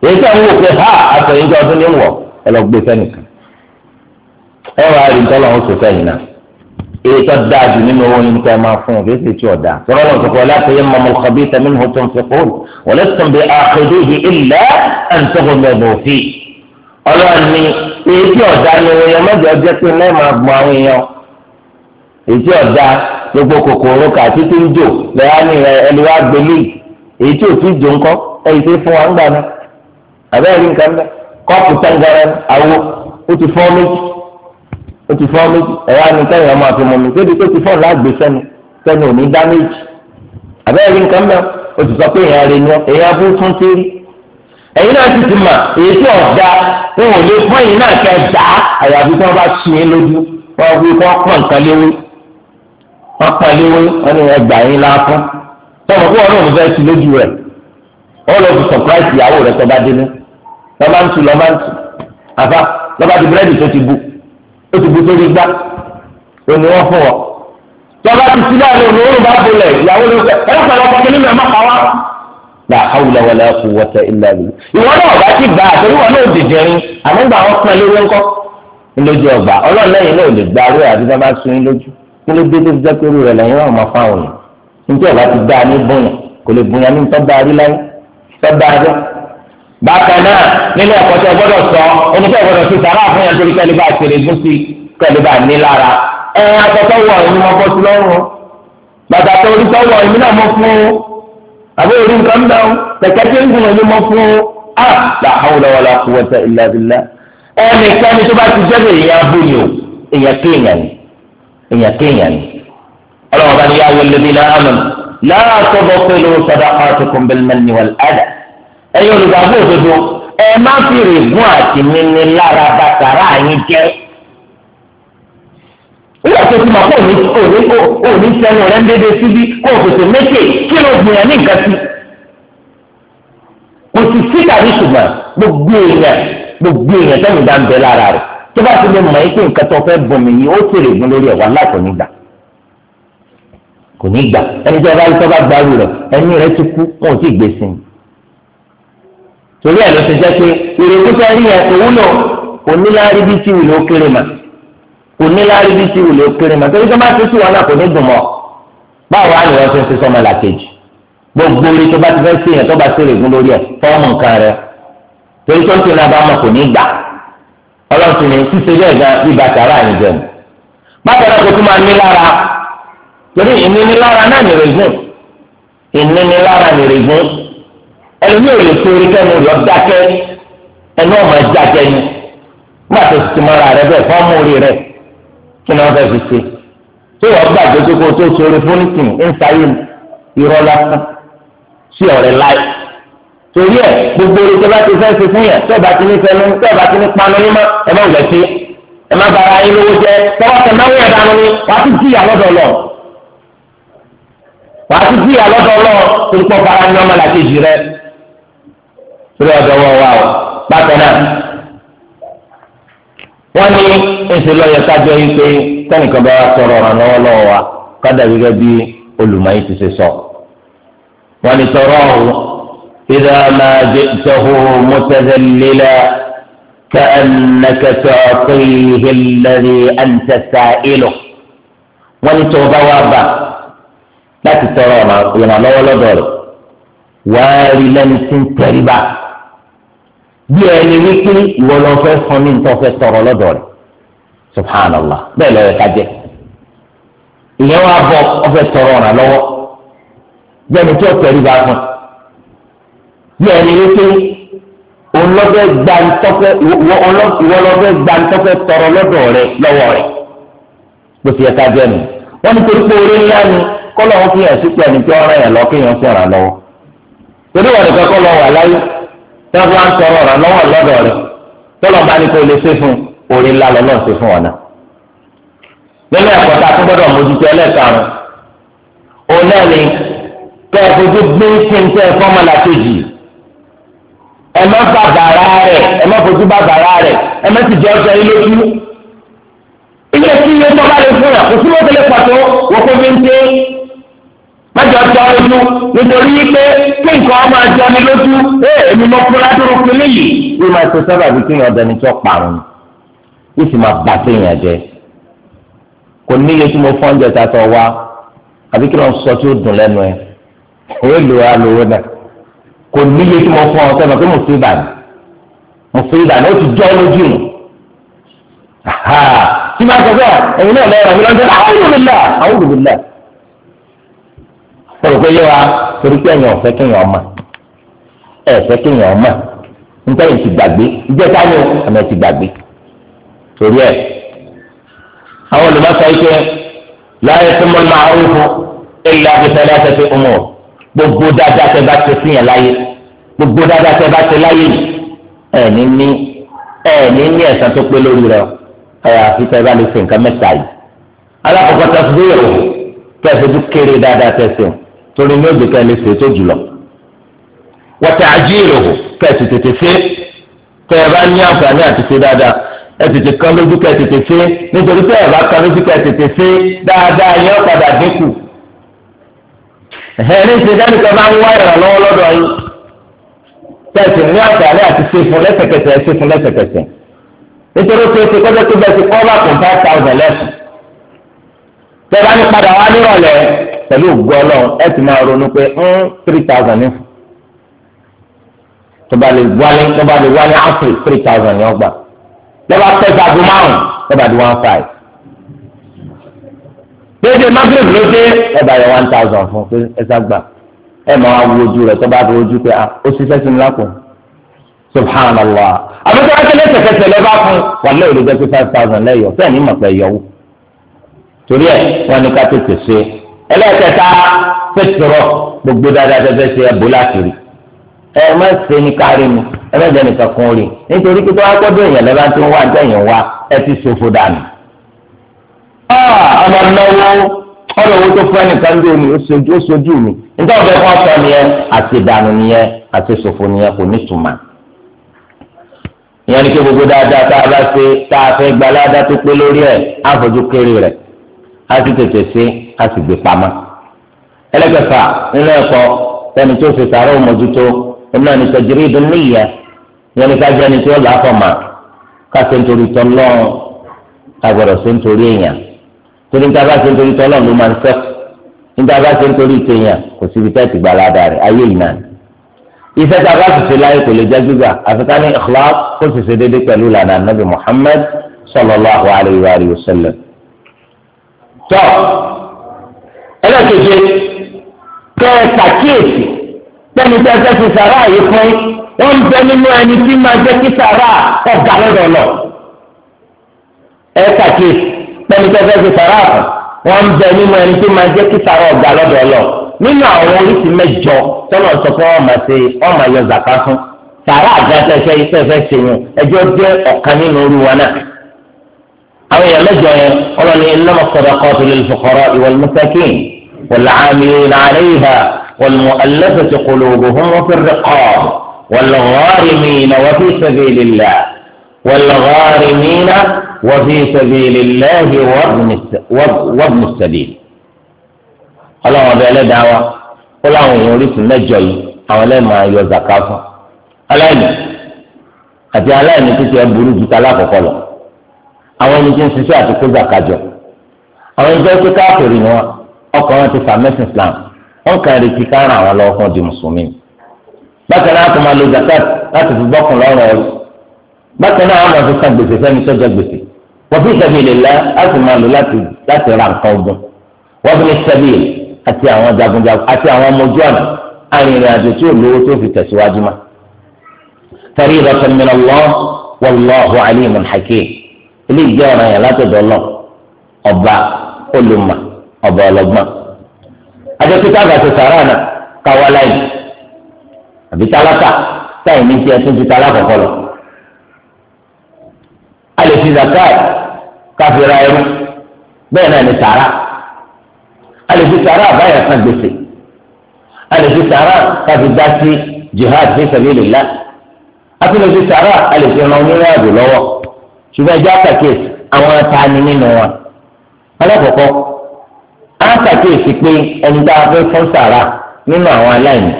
èyí tó ń wò pé ha aṣọ yìí jọ ọdún ní wọ̀ ẹ lọ gbé fẹ́nìkan. ẹ wà á rí tọ́lọ̀ ń sòfẹ́ yìí náà èyí tó dáa jù nínú owó yìí kẹ́ ẹ máa fún òkè sì tí ò ọlọ́ọ̀ni èyí ọ̀dà ni wọ́n yẹ mọ́jọ jẹ́ pé lẹ́ẹ̀ máa gbọ́ àwọn èèyàn èyí ọ̀dà gbogbo kòkòrò kà títí ń jò lẹ́yà ní gbélé èyí tí ò jò ńkọ́ tí fún wa ń gbà nǹkan kọ́ọ̀pù awo ó ti fọ́ méjì ó ti fọ́ méjì ẹ̀yà kẹ́yìn ọmọ àti débi tó ti ẹ̀yin náà ti ti ma èyí tí ọ̀dà wọn ò lè fún náà kẹ dá àyàbí tí bá sùn yín lójú wọ́n fi kọ́ pọ̀ nǹkan léwé wọ́n pọ̀ léwé wọ́n ní ẹgbàá yín la fún tọ́wọ́ kó wọn fẹ́ ti lójú lọ fi ìyàwó dé ní ń tu ń tu àfa búrẹ́dì tó ti bu ti bu la hawla wa la quwwata illa billah. ìwọ náà ọba ti gbà àtẹnu wọn náà dìde rin àmọ́ gbà wọn pọn lórí ńkọ́ lójú ọgbà ọlọ́ọ̀lẹ́yìn náà lè gba arú àti dábàá sun yín lójú kí ló dé tó fi jẹ́ pé irú rẹ̀ lẹ́yìn náà máa fáwọn yìí nítorí ọba ti gbà ní bóyá kò lè bóyá ní tọ́ dáa rí láyé tọ́ dáa bákan náà nínú ẹ̀kọ́ tó gbọ́dọ̀ sọ oníkẹ́ gbọ́dọ̀ sí sàrà fún yẹn torí bá tèrè gún sí kẹ́lí bá ní lára ẹ̀yìn akọ́tọ́ wọ̀ ẹ̀yìn mọ́ bọ́ sí lọ́rùn bàtà tó rí tọ́wọ́ ẹ̀mí náà mọ́ fún àbí orí nǹkan dá o kẹ̀kẹ́ tí ń gbìyànjú mọ́ fún o á la hawla wala quwwata illa billah ẹnìkan ni tó bá ti jẹ́ bẹ́ẹ̀ èèyàn abúlé o èèyàn kéèyàn ni èèyàn kéèyàn ni ọlọ́run bá ní yá wọlé bí láàmú láàtọ̀ bọ́ pẹ̀lú sadaqatukum bil manni wal adha ẹ̀yin olùgbàgbọ́ òdodo ẹ má fi règùn àti níní lára bàtàrà yín jẹ́ nígbà tó ti mọ̀ kó òní òní òní sẹ́nu rẹ̀ ń dédé síbí kó o tètè mékè kí ló gbìyàn ní nǹkan sí. kò sì sí tàbí ṣùgbọ́n gbogbo èèyàn gbogbo èèyàn sẹ́nu dá ń bẹ lára rẹ̀ tó bá ti lè mọ̀ ẹ́ pé nǹkan tó fẹ́ bọ̀ mí yìí ó tèrè gún lórí ẹ̀wà láìpẹ́ nígbà kò ní gbà ẹni tí a bá rí tọ́ bá rẹ̀ ẹni rẹ̀ ti kú wọn ò tí ì gbé sí i torí ẹ̀ kò ní lárí bí ti wùlé kéré mọ torí tó bá ti sí wọn náà kò ní dùn mọ́ báwo á nìyẹn fẹ́ ṣe sọmọ làkejì gbogbo orí tó bá ti fẹ́ sí yẹn tó bá sí règún lórí ẹ̀ fọ́ọ̀mù nǹkan rẹ torí tó ń tẹ̀lé abámọ̀ kò ní gbà ọlọ́sìn ní ṣíṣe bẹ́ẹ̀ gan ibà tààrà ní bákan náà kò tún máa ní lára torí ìnínilára ní règún ìnínilára ní règún ẹlòmíì ò lè tó orí kẹ́nu rẹ̀ dákẹ́ tó orí rẹ̀ kí ni wọ́n fẹ́ fi ṣe tí wọ́n gbàgbé pé kó tó sori fún nìkìnnì ń sáyé irọ́ lásán sí ọ̀rẹ́ láì torí ẹ̀ gbogbo ìṣe bá ti fẹ́ ṣe fún yẹn tẹ́ẹ̀bá ti ní fẹnu tẹ́ẹ̀bá ti ní panu nímọ̀ ẹ má wùlẹ̀ sí ẹ má bàrà yín lówó jẹ tọ́wọ́ tẹ̀ náwó yẹn dànù ni wàá ti jìyà lọ́dọ̀ lọ wàá ti jìyà lọ́dọ̀ lọ torí pọ̀ bàrà ni ọmọ làkejì rẹ torí ọ̀dọ̀ wọ̀ wà ó bákan náà wọ́n ní èsì lọ́yọ̀ kájọ yìí pé tẹ́nìkan bá sọ̀rọ̀ ọ̀ràn lọ́wọ́ lọ́wọ́ wa kọ́dà gẹ́gẹ́ bí olùmọ̀yé ti ṣe sọ. wọ́n ní sọ̀rọ̀ ọ̀hún ìdá máa jẹ ìtọ́hu mọ́tẹ́sẹ̀lélá kẹ́ẹ̀nẹ́kẹ́tọ́ péye lẹ́rì àǹtẹ̀sà ìlò. wọ́n ní tó bá wá bà láti sọ̀rọ̀ ọ̀ràn lọ́wọ́ lọ́dọ̀ rẹ̀ wàá rí lẹ́ni tí ń tẹríba bí ẹni wípé ìwọ lọ fẹ́ fún mi nítorí fẹ́ tọrọ lọ́dọ̀ rẹ̀ subhanallah bẹ́ẹ̀ lọ yẹ ká jẹ ìyẹn wàá bọ ọfẹ tọrọ ọ̀ràn lọ́wọ́ bí ẹni tó tẹrí bá fún bí ẹni wípé òun lọfẹ gba ntọfẹ ìwọ lọfẹ gba ntọfẹ tọrọ lọ́dọ̀ rẹ̀ lọ́wọ́ rẹ̀ bó ti yẹ ká jẹ nù wọn ní torí pé orí ńlá ni kọlọ wọn fi hàn sí pé ẹni tó ọ̀ràn yẹn lọ kéèyàn fi ọ̀ràn lọ́wọ́ torí wọn nìkan kọlọ wà láyé tọ́lá máa ń tọrọ ọ̀rọ̀ lọ́wọ́ lọ́dọ̀ rẹ̀ tọ́lá máa ní kó lè ṣe fún orí ńlá lọ́lọ́ ṣe fún ọ̀nà. nínú ẹ̀kọ́ tá a tún gbọ́dọ̀ mójútó ẹlẹ́karùn-ún òun náà ni kẹ́ ẹ fojú gbé kíntẹ́ fọ́mọ́lá kejì ẹ má bàbàrà rẹ̀ ẹ má fojú bàbàrà rẹ̀ ẹ má sì jẹ́ ọjọ́ ilé kú. ilé kí ilé tó bá lè fún yà kò sí mẹjọ tọ ojú nítorí pé kí nǹkan ọmọ àti ọmọ lójú ẹ èmi mọ fún ládùúrú fún mi yìí. bí máa ṣe sábà bí kéèyàn ọdẹ ní tí ó parun ní sì máa bá téèyàn jẹ kò níye tí mo fọ́ oúnjẹ ta tọ wá àbí kí ló ń sọ tí ó dùn lẹ́nu ẹ òwe lò á lò ó náà kò níye tí mo fọ́ ọ sẹ́nu pé mo fi ìbàdàn mo fi ìbàdàn ó ti jọ́ lójú mi tí máa sọ fún ọ ẹ̀yin náà lọ́wọ́ ẹ̀yin lọ́jọ́ ọ̀rọ̀ pé yé wa torí pé ẹ̀yàn ọ̀fẹ́ kéèyàn ọmọ ẹ̀fẹ́ kéèyàn ọmọ nítorí ti gbàgbé ìjẹta ni ọmọ ti gbàgbé torí ẹ̀ àwọn olùmọ̀sá ike láyé tó mọ́ máa ń fún ilé abẹ́fẹ́ láti fi mú ọ gbogbo dáadáa tẹ bá ti fi yàn láyé gbogbo dáadáa tẹ bá ti láyé ẹ̀ẹ́ni ní ẹ̀ẹ́ni ní ẹ̀san tó pé lórí rẹ àyàfi tẹ bá lè fi nǹkan mẹ́ta yìí alákọ̀ọ́kọ́ tẹ fún yòó tẹ fi dúkèrè dáadáa tẹ sẹ́wọ̀n torí ní òjò kẹ́lẹ́ ṣe tó jùlọ. wọ́n ti àjíìrò kẹ́sì tètè ṣe tẹ́ ẹ bá ní àǹfààní àti ṣe dáadáa ẹ tètè kán lójú kẹ́ tètè ṣe nítorí tẹ́ ẹ bá kán lójú kẹ́ tètè ṣe dáadáa yẹn padà dínkù. ẹ̀hẹ́n ní ṣe dáníkan máa ń wá ìrànlọ́wọ́ lọ́dọ̀ yín tẹ̀sí ní àǹfààní àti ṣe fún lẹ́sẹ̀kẹsẹ̀ ṣe fún lẹ́sẹ̀kẹsẹ̀ nítorí pé ṣe kọ́jọ́ tó bẹ̀ ṣe kọ́ bá kún five thousand lẹ́sùn tẹ́ bá ní padà wá nírọ̀lẹ́ pẹ̀lú ògbó ọlọ́run ẹ ti máa ronú pé ń three thousand ní fún tó bá lè wálé tó bá lè wálé áfírí three thousand ní ọgbà lọ́ba tẹ̀sí aago márùn-ún lọ́ba di one five déédéé magreth ló dé ẹ̀bà yẹ one thousand fún pé ẹ ságbà ẹ máa wo ojú rẹ̀ tó bá ojú pé ó ṣiṣẹ́ sí mi lápò subhanallah àbúkọ́ akẹ́lẹ́ tẹ̀kẹ́tẹ̀ lọ́ba fún wàlẹ́ òde jẹ́ five thousand lẹ́yọ̀ bẹ́ẹ̀ ni mọ̀ pé yọ̀wó torí ẹ̀ wọ́n ní ká tètè ṣe ẹlẹ́kẹta pẹ̀tọ́rọ̀ gbogbo dáadáa tẹ́tẹ́ ṣe ẹ̀bù láti rí ẹ má ṣe ní kárí mi ẹ má jẹ́ nìkan kún rí nítorí pé tó wá gbọ́dọ̀ èèyàn lẹ́bà tó ń wá ń tẹ̀yìn wá ẹ ti ṣòfò dànù. Ah, ọmọ náwó ọ̀rọ̀ owó tó fún ẹnìkan ń dòní oṣoojú oṣoojú mi nígbà wọn fẹ́ fọ́ sọ nìyẹn àti dànù nìyẹn àti ṣòfò nìyẹn kò ní tùmà. ìyẹn ni pé gbogbo dáadáa tá a bá ṣe tá a fẹ́ gbalá á sì gbé pamọ́. ẹlẹ́gbẹ̀fà nínú ẹ̀kọ́ sẹ́ni tó ṣe sàárà òmòjútó iná ní sọ̀jírí ìdúnníyà yẹn ní kájẹ́ ni tí ó làá fọ̀mà káṣe nítorí tọ́lọ́ àgbọ̀dọ̀ ṣe nítorí èèyàn torí níta bá ṣe nítorí tọ́lọ́ ló máa ń sẹ́k níta bá ṣe nítorí tèèyàn kò síbi tẹ́ẹ̀tì gba aládà rẹ̀ ayé ìnà iṣẹ́ tá bá sì láyé kò lè jẹ́ gbígbà àfikán ní ikhlas kó sì déédéé pẹ̀lú lànà Nabi Muhammad sallallahu alayhi wa sallam. tọ́ ẹlẹ́ẹ̀keje kẹ́ ẹ pàkíyèsí pẹ́ni tẹ́ fẹ́ fi sàrà yìí fún wọ́n ń bẹ nínú ẹni tí máa jẹ́ kí sàrà ọ̀gá lọ́dọ̀ lọ. ẹ pàkíyèsí pẹ́ni tẹ́ fẹ́ fi sàrà fún bẹ nínú ẹni tí máa jẹ́ kí sàrà ọ̀gá lọ́dọ̀ lọ. nínú àwọn oríṣi mẹ́jọ tọ́lọ̀ sọ ọmọ ṣe ọmọ yọ zàká fún sàrà àgbàtẹ́fẹ́ iṣẹ́ fẹ́ ṣe yẹn ẹjọ́ jẹ́ ọ̀kan nínú orú wa náà. àwọn èèyàn mẹ́jọ yẹn ọlọ́ni والعاملين عليها والمؤلفة قلوبهم وفي الرقاب والغارمين وفي سبيل الله والغارمين وفي سبيل الله وابن وابن السبيل ọlọ́run ọbẹ̀ ẹlẹ́dàá wa ó láwọn èèyàn orísun mẹ́jọ yìí àwọn ẹlẹ́nu ayọ zaka fún aláìní àti aláìní títí ẹ burú ju ta lákòókò lọ àwọn ẹni tí ń ṣiṣẹ́ àti kó zaka jọ àwọn ẹni tí wọ́n ti káàkiri ni wọn ọkàn wọn ti fà mẹ́sìn islam wọn kàn retí kára àwọn lọ́wọ́ kan di mùsùlùmí bákan náà kò máa lo zakat láti fi bọ́kùn lọ́rùn ẹ̀rù bákan náà wọn fi san gbèsè sẹ́ni tó jẹ gbèsè wọ́n fi sabilillah á sì máa lò láti láti ra nǹkan ogun wọ́n fi ní sabil àti àwọn jagunjagun àti àwọn ọmọ ojú àná arìnrìnàjò tí ò lówó tó fi tẹ̀síwájú ma. faridatan min Allah wallahu ọ̀bọ̀ ọlọ́gbọ́n adékítà àgbàtì sàrà náà káwá láyìn àbí tálákà táyì ní tiẹ̀ tó ti tálákà kọlọ̀ a lè fi zakat káfíra ẹrú bẹ́ẹ̀ náà ni sàrà a lè fi sàrà àbáyà kan gbèsè a lè fi sàrà káfí dá sí jihad fi sabilillah a tún lè fi sàrà a lè fi ran onírìn àjò lọ́wọ́ ṣùgbọ́n ẹjọ́ àtàkì àwọn ata ni nínú wọn alákọ̀ọ́kọ́ á ṣàkíyèsí pé ẹni tá a fẹ́ fún sàrà nínú àwọn aláìní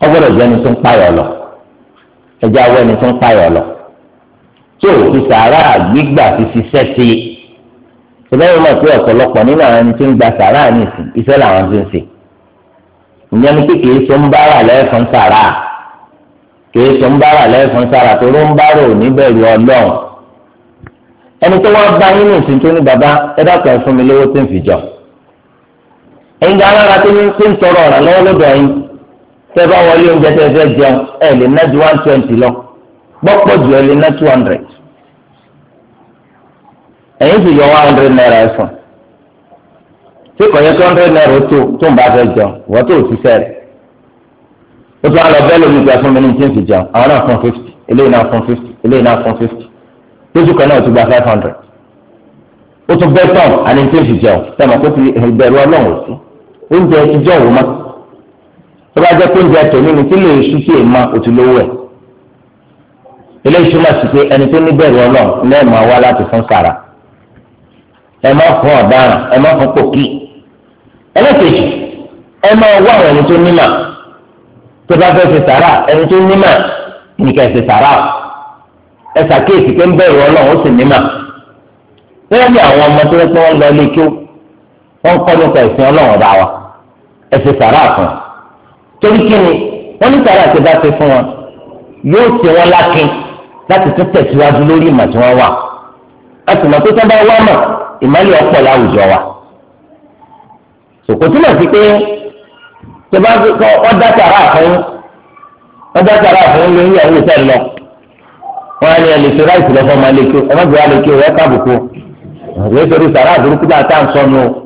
wọ́n gbọ́dọ̀ jẹ́ ẹni tó ń payọ̀ lọ ẹjẹ́ awọ́ ẹni tó ń payọ̀ lọ tó o fi sàrà gbígbà fi ṣiṣẹ́ sí i ṣùgbọ́n mo pé ọ̀pọ̀lọpọ̀ nínú àwọn ẹni tó ń gba sàrà nìsín iṣẹ́ làwọn ti ń ṣe ìyẹn ni pé kìí ṣe ń bára lẹ́ẹ̀fọ́n sàrà kìí ṣe ń bára lẹ́ẹ̀fọ́n sàrà torí ń bára ò ní bẹ̀rù ọlọ́run ẹni tó wá bá yín nìsín tó ní ẹ̀yin gan alára tó ń tó ń tọrọ ọ̀ràn lọ́wọ́ lọ́dọ̀ ẹ̀yin tẹ́ bá wọlé oúnjẹ tẹ́ fẹ́ jẹun ẹ̀ lè ná ju one twenty lọ gbọ́pọ̀ jù ẹ̀ lè ná two hundred ẹ̀yin sì yọ one hundred naira ẹ̀ fún tí kò yẹ two hundred naira tó tó ń bá fẹ́ jẹun wọ́n tó òṣìṣẹ́ rẹ̀ ó tún á lọ bẹ́ẹ̀ lómi gbà fún mi ní tí ń fi jẹun àwọn náà fún fifty eléyìí náà fún fifty eléyìí náà fún fifty lójú kan náà ó ti gba five hundred ó tún bẹ́ẹ̀ tán àní tí ń fi jẹun tẹ́ mọ̀ kó ti ìbẹ̀rù ọlọ́run sí oúnjẹ ìjọ òun mọ́ tó bá jẹ́ pé oúnjẹ lè ṣú sí èèmọ́ òtúlówó ẹ̀ eléyìí túmọ̀ sí pé ẹni tó níbẹ̀rù ọlọ́run wá láti fún sàrà ẹ ọ̀daràn ẹ má fún ẹ wá ẹni tó nímà tó bá fẹ́ ṣe ẹni tó nímà sàrà pé ń bẹ̀rù ọlọ́run ó sì nímà bẹ́ẹ̀ ni àwọn ọmọ tó wọ́n kọ́ nípa ẹ̀sìn ọlọ́run ọba wa ẹ̀sìn sàrà fún un torí kí ni wọ́n ní sàrà àti bá ti fún wọn yóò ṣe wọn lákin láti tún tẹ̀síwájú lórí ìmọ̀ tí wọ́n wà a sì mọ̀ bá wá mọ̀ ìmọ̀lẹ̀ ọ̀pọ̀ láwùjọ wa sòkòtì náà ti pé tí wọ́n bá wọ́n dá sàrà fún wọ́n dá sàrà fún lórí ìyàwó ìtẹ́ lọ wọ́n á ní ẹ̀ lè fi ráìsì lọ́fọ́ máa lè kí ọmọ ìgbà lè kí ọ̀rẹ́ káàbùkù ìwé sọ̀rọ̀ sàrà àdúrókúta tá à ń sọnù o.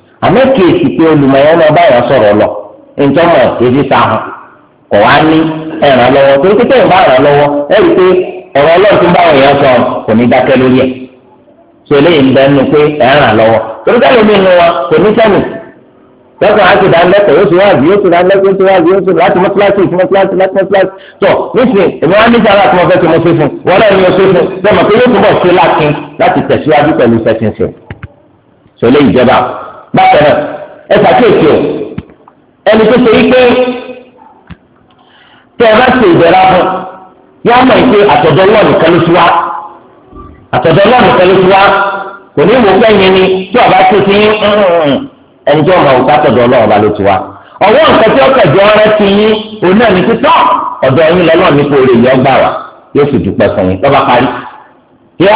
àmọ́ kèsì pé olùmọ̀yẹ́ náà bá yàn sọ̀rọ̀ lọ ẹ̀ńtọ́ mọ̀ èdè sáhùn kọ̀ wá ní ẹ̀ràn lọ́wọ́ torí pé tẹ̀yìn bá ràn lọ́wọ́ ẹ̀ rí pé ọ̀rọ̀ ọlọ́run tó bá èèyàn sọ kò ní dákẹ́ lórí ẹ̀ tó eléyìí ń bẹ nínú pé ẹ̀ràn lọ́wọ́ torí káyọ̀ mi nu wa kò ní sẹ́nu lọ́sàn á ti dá lẹ́kọ̀ọ́ yóò ti wá àbí yóò ti dá lẹ́kọ̀ọ́ yóò ti wá àbí yóò ti láti mọ́tíláṣí mọ́tíláṣí láti mọ́tíláṣí tó nísìnyí èmi wá níta láti mọ́ fẹ́ tí mo ṣe fún wọn náà ni mo ṣe fún bẹ́ẹ̀ mọ̀ pé yóò túbọ̀ ṣe lákin láti tẹ̀síwájú pẹ̀lú sẹ́sìnsìn. sọlẹ́ ìjọba bákan náà ẹ ṣàkíyèsí o ẹni tó ṣe wípé tẹ ẹ bá ṣe ìbẹ̀rẹ̀ abọ́ yá mọ̀ pé àtọ̀dọ̀ nìkan ló kò ní ni tí ọba tó ti ń ẹni ọmọ òkú àtọ̀dọ̀ ọba ló ti wá ọwọ́ nǹkan tí rẹ ti yín náà ní títọ́ ọ̀dọ̀ yín lọ́lọ́run nípa orí ìyá yóò sì dúpẹ́ fún yín parí. ìyá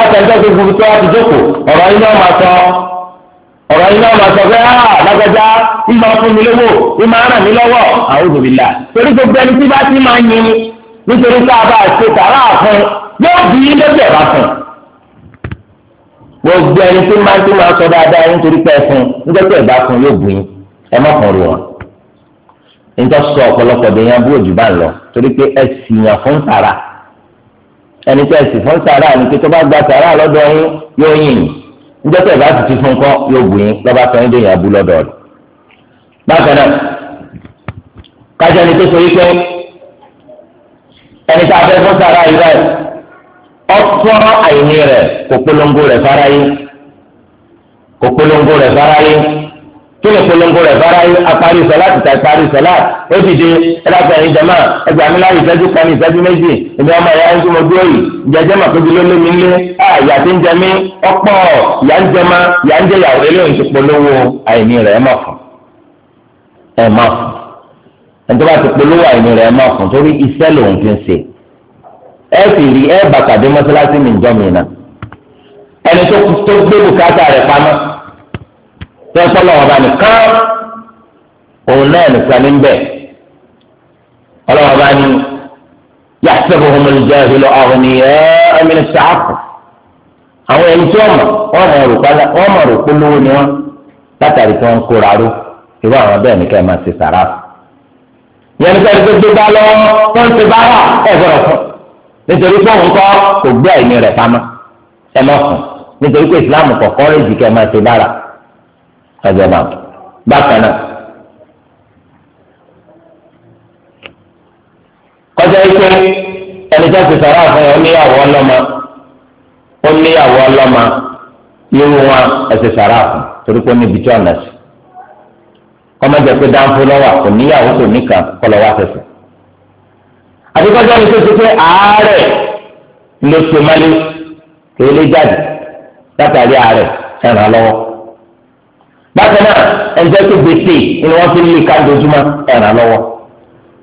ọ̀rọ̀ iná ọmọ sọ pé áà ah, lágbájá ń bá fún mi lówó ń máa ràn mí lọ́wọ́ a'udhu billah torí gbogbo ẹni tí bá ti máa ń yin nítorí tá a bá ṣe tààrà fún yóò bí i lọ́jọ́ bá fún gbogbo ẹni tí máa ti máa sọ dáadáa nítorí pé ẹfun nítorí pé ẹ̀dá fún yóò bù ẹ má kàn rí wọn. nítorí sọ ọ̀pọ̀lọpọ̀ dè yan búrò jù bá ń lọ torí pé ẹ sì yàn fún tààrà ẹni tí ẹ sì fún tààrà ni níjọ́ tẹ̀ bá ti ti fún kọ́ yóò bù yín lọ́ba sọ́yìn dèyìn abú lọ́dọ̀ rẹ̀. bákan náà kájọ ni tó so yí pé ẹni tá a fẹ́ fún sàrà yìí rẹ̀ ọ̀tọ́ àìní rẹ̀ kò polongo rẹ̀ fáráyé kò polongo rẹ̀ fáráyé kí ni polongo rẹ̀ fara yín apari sọláàtì tà ìparí sọláàtì ó ti di ẹlẹ́gbẹ̀ẹ́ yín jama ẹgbẹ́ mi láyé ìṣẹ́jú kan ní ìṣẹ́jú méjì ìgbà ọmọ ìyá ń súnmọ́ dúró yìí jẹjẹ́ mà tóbi ló lé mi lé àyà tí ń jẹ mí ọ̀pọ̀ ìyá ń jẹ ma ìyá ń jẹ ìyàwó eléyìí ti polówó àìní rẹ̀ mọ̀ fún ẹ̀ fún ẹni bá ti polówó àìní rẹ̀ mọ̀ fún torí iṣẹ́ lòun fi ń ṣe ẹ sì rí ẹ bàtàdé mọ́ṣáláṣí mi jọ́ mi náà ẹni tó gbé bùkátà rẹ̀ pamọ́ yẹn kọ́ lọ́wọ́ bá nìkan òun náà nìkan ní bẹ́ẹ̀ ọlọ́wọ́ bá ní yahsabuhum al-jahilu aghniya'a min at-ta'affuf àwọn ẹni tí wọ́n mọ̀ rò polówó ni wọ́n látàrí tí wọ́n ń kóra ró irú àwọn bẹ́ẹ̀ ni máa ṣe sàrà yẹn ní tó gbé bá lọ́wọ́ tó ti bá wà ẹ̀ gbọ́dọ̀ fún nítorí pé òun kọ́ kò gbé ẹ̀yìn rẹ̀ pamọ́ ẹ̀ mọ́ fún nítorí pé ìsìláàmù kọ̀ọ̀kan jì kẹ́ máa ṣe bára ẹjọ máa bákan náà. kọjá ike ẹni tó ti sọ̀rọ̀ àfọ̀yọ́ oníyàwó ọlọ́mọ oníyàwó ọlọ́mọ irú wọn ẹsẹ̀ sọ̀rọ̀ àfọ̀ torí pé níbi tí ọ̀nà sí. kọ́mọ́jọ pé dáńfó lọ́wọ́ kò níyàwó kò níkan kọ́ lọ́wọ́ àfẹ́fẹ́. àti kọjá ni tó ti pé àárẹ̀ ló ṣe mọ́lé kéé lé jáde látàrí àárẹ̀ ẹ̀ràn lọ́wọ́ bákan náà ẹnjẹ tó gbèsè ni wọn fi lè ká dojúmọ ẹràn lọ́wọ́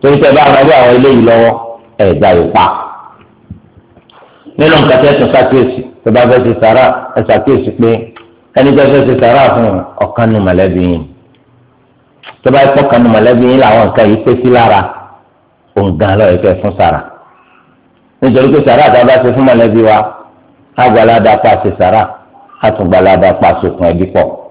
torí tẹ bá àwọn àwọn eléyìí lọ́wọ́ ẹdá yóò pa nínú nǹkan tẹ tún ṣàkíyèsí tó bá fẹ́ ṣe sàrà ẹ ṣàkíyèsí pé ẹni tẹ fẹ́ ṣe sàrà fún ọ̀kan nu mọ̀lẹ́bí yìí tó bá pọ̀ kan nu mọ̀lẹ́bí yìí làwọn nǹkan yìí pé lára òun gan lọ́ọ́ fún sàrà nítorí pé sàrà tá a bá ṣe fún mọ̀lẹ́bí wa àgbàlá dá pa ṣe sàrà àtúngbàlá dá pa ṣokùn ẹbí pọ̀.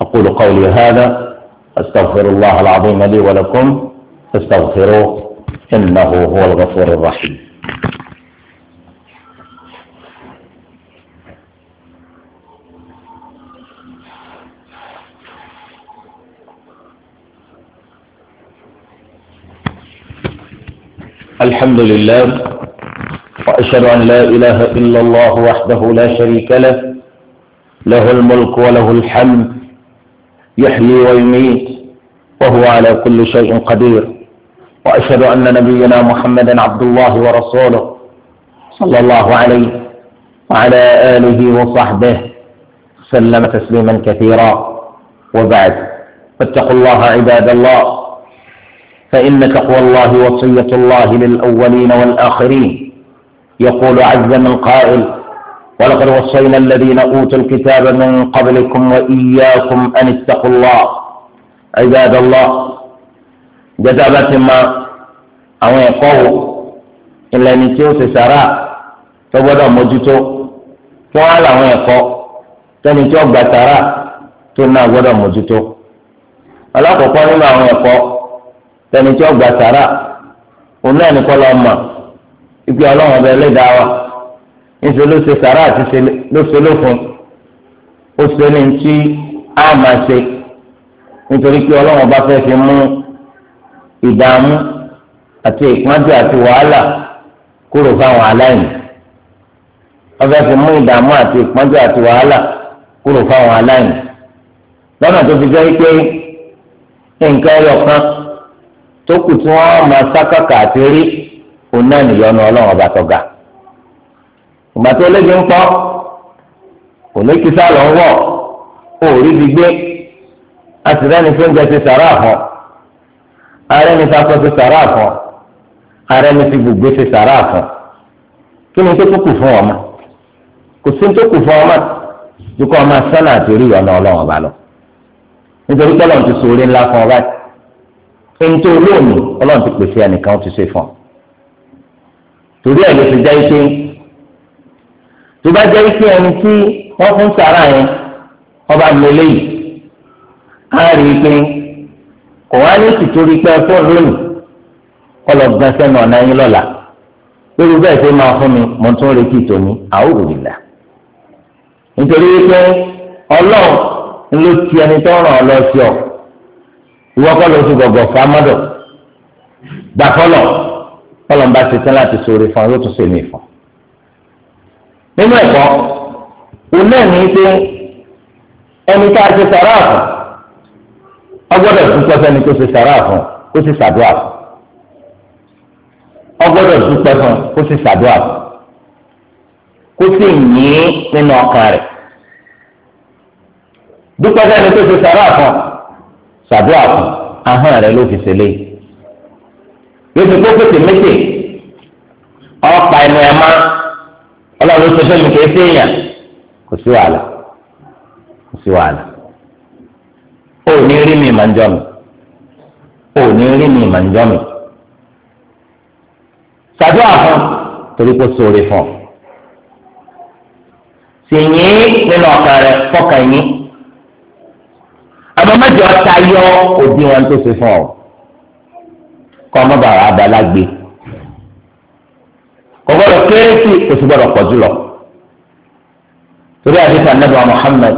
أقول قولي هذا أستغفر الله العظيم لي ولكم فاستغفروه إنه هو الغفور الرحيم الحمد لله وأشهد أن لا إله إلا الله وحده لا شريك له له الملك وله الحمد يحيي ويميت وهو على كل شيء قدير وأشهد أن نبينا محمدا عبد الله ورسوله صلى الله عليه وعلى آله وصحبه سلم تسليما كثيرا وبعد فاتقوا الله عباد الله فإن تقوى الله وصية الله للأولين والآخرين يقول عز من قائل ولقد وصينا الذين أوتوا الكتاب من قبلكم وإياكم أن اتقوا الله عباد الله جذابة ما أو يقوه إلا أن يتيوس سراء فبدأ موجته فعل أو يقوه تاني تيوب تنا بدأ موجته ألا تقول أو يقوه تاني تيوب سراء ونعني كل أمة يقول الله بلدعوه nse ló se sàrà àti ló ṣe lófun ó ṣe ní ti á máa se nítorí pé ọlọ́run ọba fẹ́ fi mú ìdààmú àti ìpọ́njú àti wàhálà kúrò fáwọn aláìní wọ́n fẹ́ fi mú ìdààmú àti ìpọ́njú àti wàhálà kúrò fáwọn aláìní lọ́nà tó fi jẹ́ pé nǹkan ẹyọ kan tó kù tí wọ́n máa sákàkà àti rí òun náà nìyọnu ọlọ́run ọba ìgbà tó lébi ń pọ́ òlékisá lọ ń wọ̀ òórí ti gbé àtìlẹ́yìn tó ń jẹ ti sàrà àfọ̀ ààrẹ ní sakọ ti sàrà àfọ̀ ààrẹ ní ti gbùgbé ti sàrà àfọ̀ kí ni tó kù fún ọmọ kò sí tó kù fún ọmọ dukọ ọmọ sánà àti orí ìyọ̀nà ọlọ́run ọba lọ nítorí pé ọlọ́run ti so orí ńlá fún ọba ètò olóòní ọlọ́run ti pèsè ẹnìkan ó ti ṣe fún ọ torí ẹ̀ ló ti jẹ́ ike tó bá jẹ́ ike ẹni tí wọ́n fún sàrà yẹn ọba lọlé yìí á rí i pé kò wá ní ìtìtorí pé ẹ fún lónìí kọlọ gbọ́n sẹ́nu ọ̀nà yín lọ́la lórí bẹ́ẹ̀ ṣe máa fún mi mo tún retí tòní àwòrán ìlà nítorí wípé ọlọ́run ló ti ẹni tó ràn ọ́ lọ sí ọ ìwọ kọ́ ló ti gbọ̀gbọ̀ fún amọ́dọ̀ gbà bá ti tán láti sọ̀rọ̀ fún yóò tún sèmi fún nínú ẹ̀kọ́ òun náà ní pé ẹni tá a ṣe sàrà fún ọgbọ́dọ̀ dúpẹ́ fẹ́ni tó ṣe sàrà fún kó sì ṣàdúrà fún ọgbọ́dọ̀ dúpẹ́ fún kó sì ṣàdúrà fún kó sì yín nínú ọkàn rẹ̀ dúpẹ́ fẹ́ni tó ṣe sàrà fún ṣàdúrà fún ahọ́n rẹ̀ ló fi ṣe léyìí yóò ti kó pété méjì ọ̀pá ẹnu ẹ̀ máa ọlọ́run ṣe fẹ́mi kì í sí èèyàn kò sí wàhálà kò sí wàhálà ó ní rí mi màá ń jọ mi ó ní rí mi màá ń jọ mi ṣàdúrà fún torí kó sóore fún ọ sì yín nínú ọkàn rẹ fọkàn yín àmọ́ mẹ́jọ ta yọ òdiwọ̀n tó ṣe fún ọ kọ ọmọ bàrà kò gbọ́dọ̀ kéré sí kò sì gbọ́dọ̀ pọ̀ jùlọ. torí àdìsá nàbà Muhammad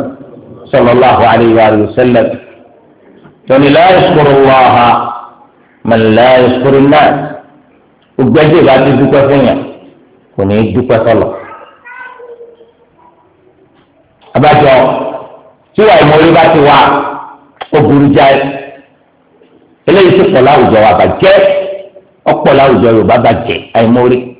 sallallahu alayhi wa sallam tóní la yashkurullaha man la yashkurun nas gbogbo ẹjẹ bá ti dúpẹ́ fún yàn kò ní í dúpẹ́ sọ̀lọ̀. abájọ tí wàá ìmọ̀lẹ́ bá ti wá ó burú jáì eléyìí ti pọ̀ láwùjọ wa bàjẹ́ ọ̀pọ̀ láwùjọ Yorùbá bàjẹ́ àìmọ̀lẹ́.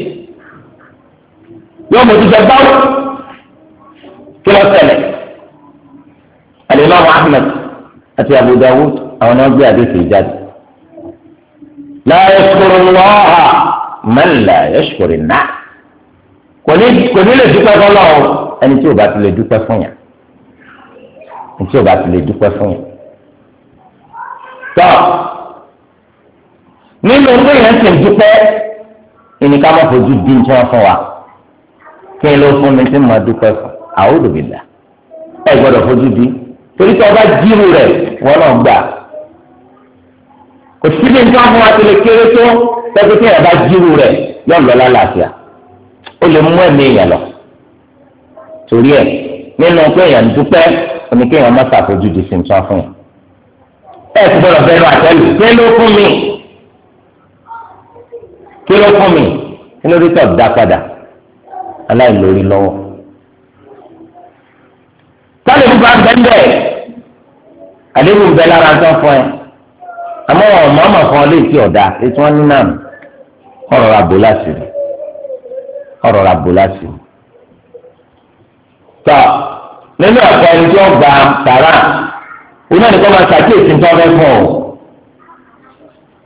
yóò mọ̀ títẹ̀ báwò kí ló ṣẹlẹ̀ alimami ahmed àti abu dawud àwọn náà gbé àdéhùn ìjáde láyé kúrò lọ́ha mẹ́lá yẹ́sùkúrì náà kò ní lè dúpẹ́ fún lọ́wọ́ ẹni tí o bá ti lè dúpẹ́ fún yàn ẹni tí o bá ti lè dúpẹ́ fún yàn tọ́ nínú pé yẹn ti dúpẹ́ ìníkàmọ́fojú dín tí wọ́n fún wa kí n lọ fún mi tí mo dúpẹ́ fún àwòrán mi là ẹ gbọ́dọ̀ fojú di torí tí ọba jírù rẹ̀ wọ́n náà gbà kò síbi nǹkan fún wa ti lè kéré tó tẹ́tí tí ọba jírù rẹ̀ yọ̀ lọ lálàáfíà ó lè mú ẹ̀mí èèyàn lọ torí ẹ̀ nínú pé èèyàn dúpẹ́ oníkéèyàn má ṣàfojú di sí nǹkan fún yẹn ẹ ti gbọ́dọ̀ bẹnu àtẹlù kí ló fún mi kí ló fún mi kí ló rí tọ̀ dá padà aláìlórí lọ́wọ́. sálẹ̀ nípa bẹ́ńbẹ́ àdéhùn bẹ́ẹ̀ lára tó fọ ẹ àmọ́ ọ̀mọ́ ọmọ kan lè ti ọ̀dà ètò wọn ní náà ọ̀rọ̀ ra bò láṣìírí ọ̀rọ̀ ra bò láṣìírí. tọ́ nínú ọ̀pọ̀ ẹni tí wọ́n gba tààrà oní ẹni kọ́ máa ṣàkíyèsí nípa ọ̀fẹ́ fún ọ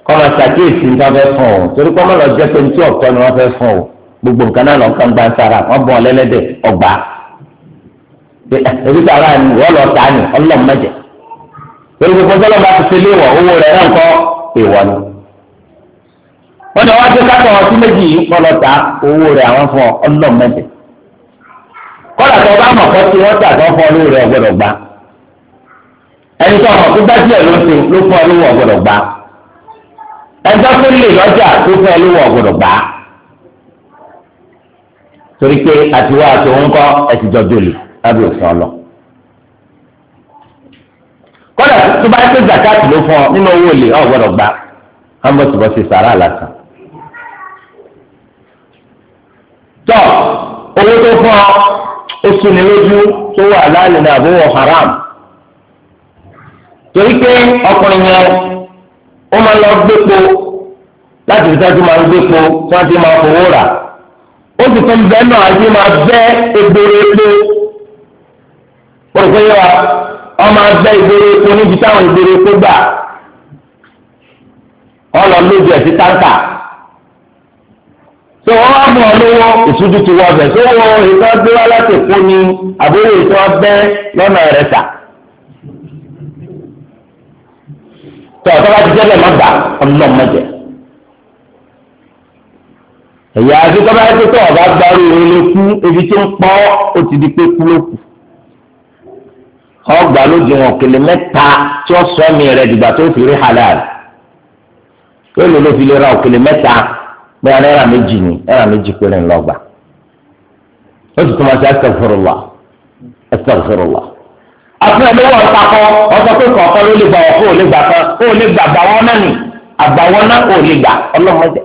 kọ́ máa ṣàkíyèsí nípa ọ̀fẹ́ fún ọ torí kọ́ máa lọ jẹ́ pé ní tí ọ̀tọ̀ ni wọ́n fẹ́ fún ọ gbogbo nǹkan náà lọ́nkàn gba sára wọ́n bọ̀ lẹ́lẹ́dẹ̀ ọgbà eh, ebi sára ni wọ́n lọ tà ní ọlọ́run mẹ́jẹ̀ torí gbogbo sọ́lọ́ bá ti ṣe léwọ̀ owó rẹ̀ náà kọ́ èèwọ̀ ni wọ́n ní wọ́n ti kátó ọtí méjì yìí kọ́ lọ tà owó rẹ̀ àwọn fún ọlọ́run mẹ́jẹ̀ kọ́lá tó bá mọ̀ kọ́ tí wọ́n tà tó fọ́ olówó rẹ̀ ọgbọ́dọ̀ gbà ẹni tó ọmọ tó bá díẹ̀ ló ṣe ló fọ́ olówó ọgbọ́dọ̀ gbà ẹjọ́ tó lè lọ́jà tó fọ́ olówó ọgbọ́dọ̀ gbà torí pé àtiwá àtòun kọ́ ẹ̀sìn jọjọ lè lábẹ́ òfin ọlọ. kódà tó bá pé zakati ló fún ọ nínú owó lè ọ gbọ́dọ̀ gbà á ń bọ̀sibọ̀si sàrà lásán. tọ́ owó tó fún ọ ó suni lójú tó wà láàlẹ́ náà bó haram torí pé ọkùnrin yẹn ó máa lọ gbépo láti fi sáájú máa ń gbépo tí wọ́n ti máa fowó rà ó sì tún bẹ́ẹ̀ náà àti máa bẹ́ egbèrè epo òrùkọ́ yẹ wa wọ́n máa bẹ́ egbèrè epo níbi táwọn egbèrè epo gbà wọ́n lọ lójú ẹ̀ sí táǹkà tó wọ́n wá mú ọ lówó ìṣújú ti wọ́ ọbẹ̀ tó wọ́n ìtọ́ gbé wá láti kú ni àbúrò ìtọ́ bẹ́ lọ́nà rẹ̀ tà. tọ́ ọ̀tọ́ bá ti jẹ́ bẹ́ẹ̀ má gbà ọ̀nà mọ̀jẹ̀. ẹ̀yà àdúgbò bá tó tó ọ̀gá gbárù òun ebi tó ń pọ́ ó ti di pé kú ọgbà lójú wọn kele mẹ́ta tí ó sọ mi rẹ̀ dìgbà tó fi rí halal yóò ló fi lè ra òkèlè mẹ́ta bóyá náírà méjì ni náírà méjì péré ńlọgbà ó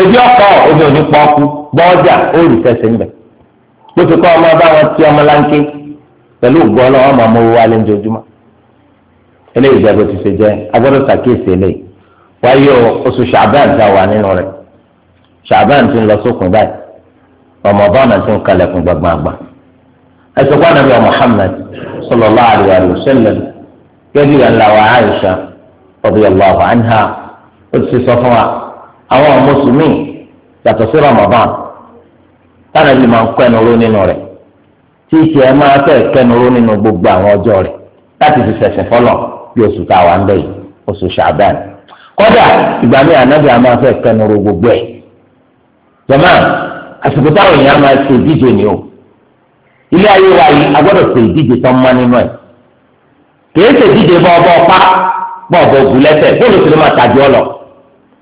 ebi ọkọ omi ò ní ọkụ ọkú bọ́ọ̀jà ó rí sẹ́sẹ̀ ńbẹ̀ bó ti ọmọ ọba wọn ti ọmọ láńké pẹ̀lú ògbọ́ ọlọ́wọ́ máa mọ owó wa lójoojúmọ́ eléyìí jẹ bó ti ṣe jẹ́ agbọ́dọ̀ ṣàkíyèsí eléyìí wáyé oṣù ṣàbẹ́ǹ tá a wà nínú rẹ̀ ṣàbẹ́ǹ ti ń lọ sókun báyìí ọmọ ti ń sallallahu wa sallam àwọn mùsùlùmí yàtọ̀ sí Ramadan táwọn ẹbí máa ń kọ́ ẹnu ró nínú rẹ̀ tí ìṣe ẹ máa fẹ́ ró nínú gbogbo àwọn ọjọ́ rẹ̀ láti fi ṣẹ̀ṣẹ̀ fọlọ̀ bí oṣù táwa ń bẹ̀ yìí oṣù kọ́dà ìgbà míì gbogbo ẹ̀ jọ̀mọ́ àsìkò táwọn èèyàn máa ṣe ìdíje ni o ilé ayé wa yìí a gbọ́dọ̀ ṣe ìdíje tán mọ́ nínú ẹ̀ kì í ṣe ìdíje lẹ́sẹ̀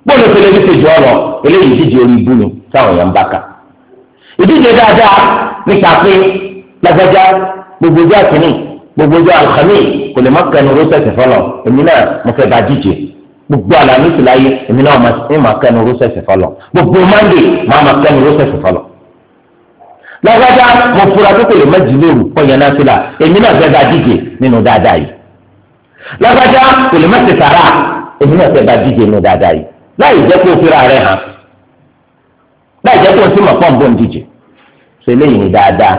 gbọ́dọ̀ tẹ́lẹ̀ ní kejì ọ̀rọ̀ eléyìí ìdíje orí ibú ni táwọn èèyàn ń bá kà ìdíje dáadáa nípa pé lágbájá gbogbo ojú àkínní gbogbo ojú àlùkàmì kò lè má kẹnu rọ́sẹ̀sì fọlọ̀ èmi náà mo fẹ́ bá díje gbogbo àlàní ti láyé èmi náà mo má kẹnu rọ́sẹ̀sì fọlọ̀ gbogbo mande má má kẹnu rọ́sẹ̀sì fọlọ̀ lágbájá mo fura tó kò lè má jìlè òru kọ́ yẹn náà sílà èmi náà fẹ́ bá díje nínú dáadáa yìí lágbájá kò lè má ti sàrà èmi náà fẹ́ bá díje nínú dáadáa yìí láì jẹ́ kó o fira rẹ̀ hàn láì jẹ́ kó o sì mọ̀ pọ̀ ń ń díje ṣe léyìn ní dáadáa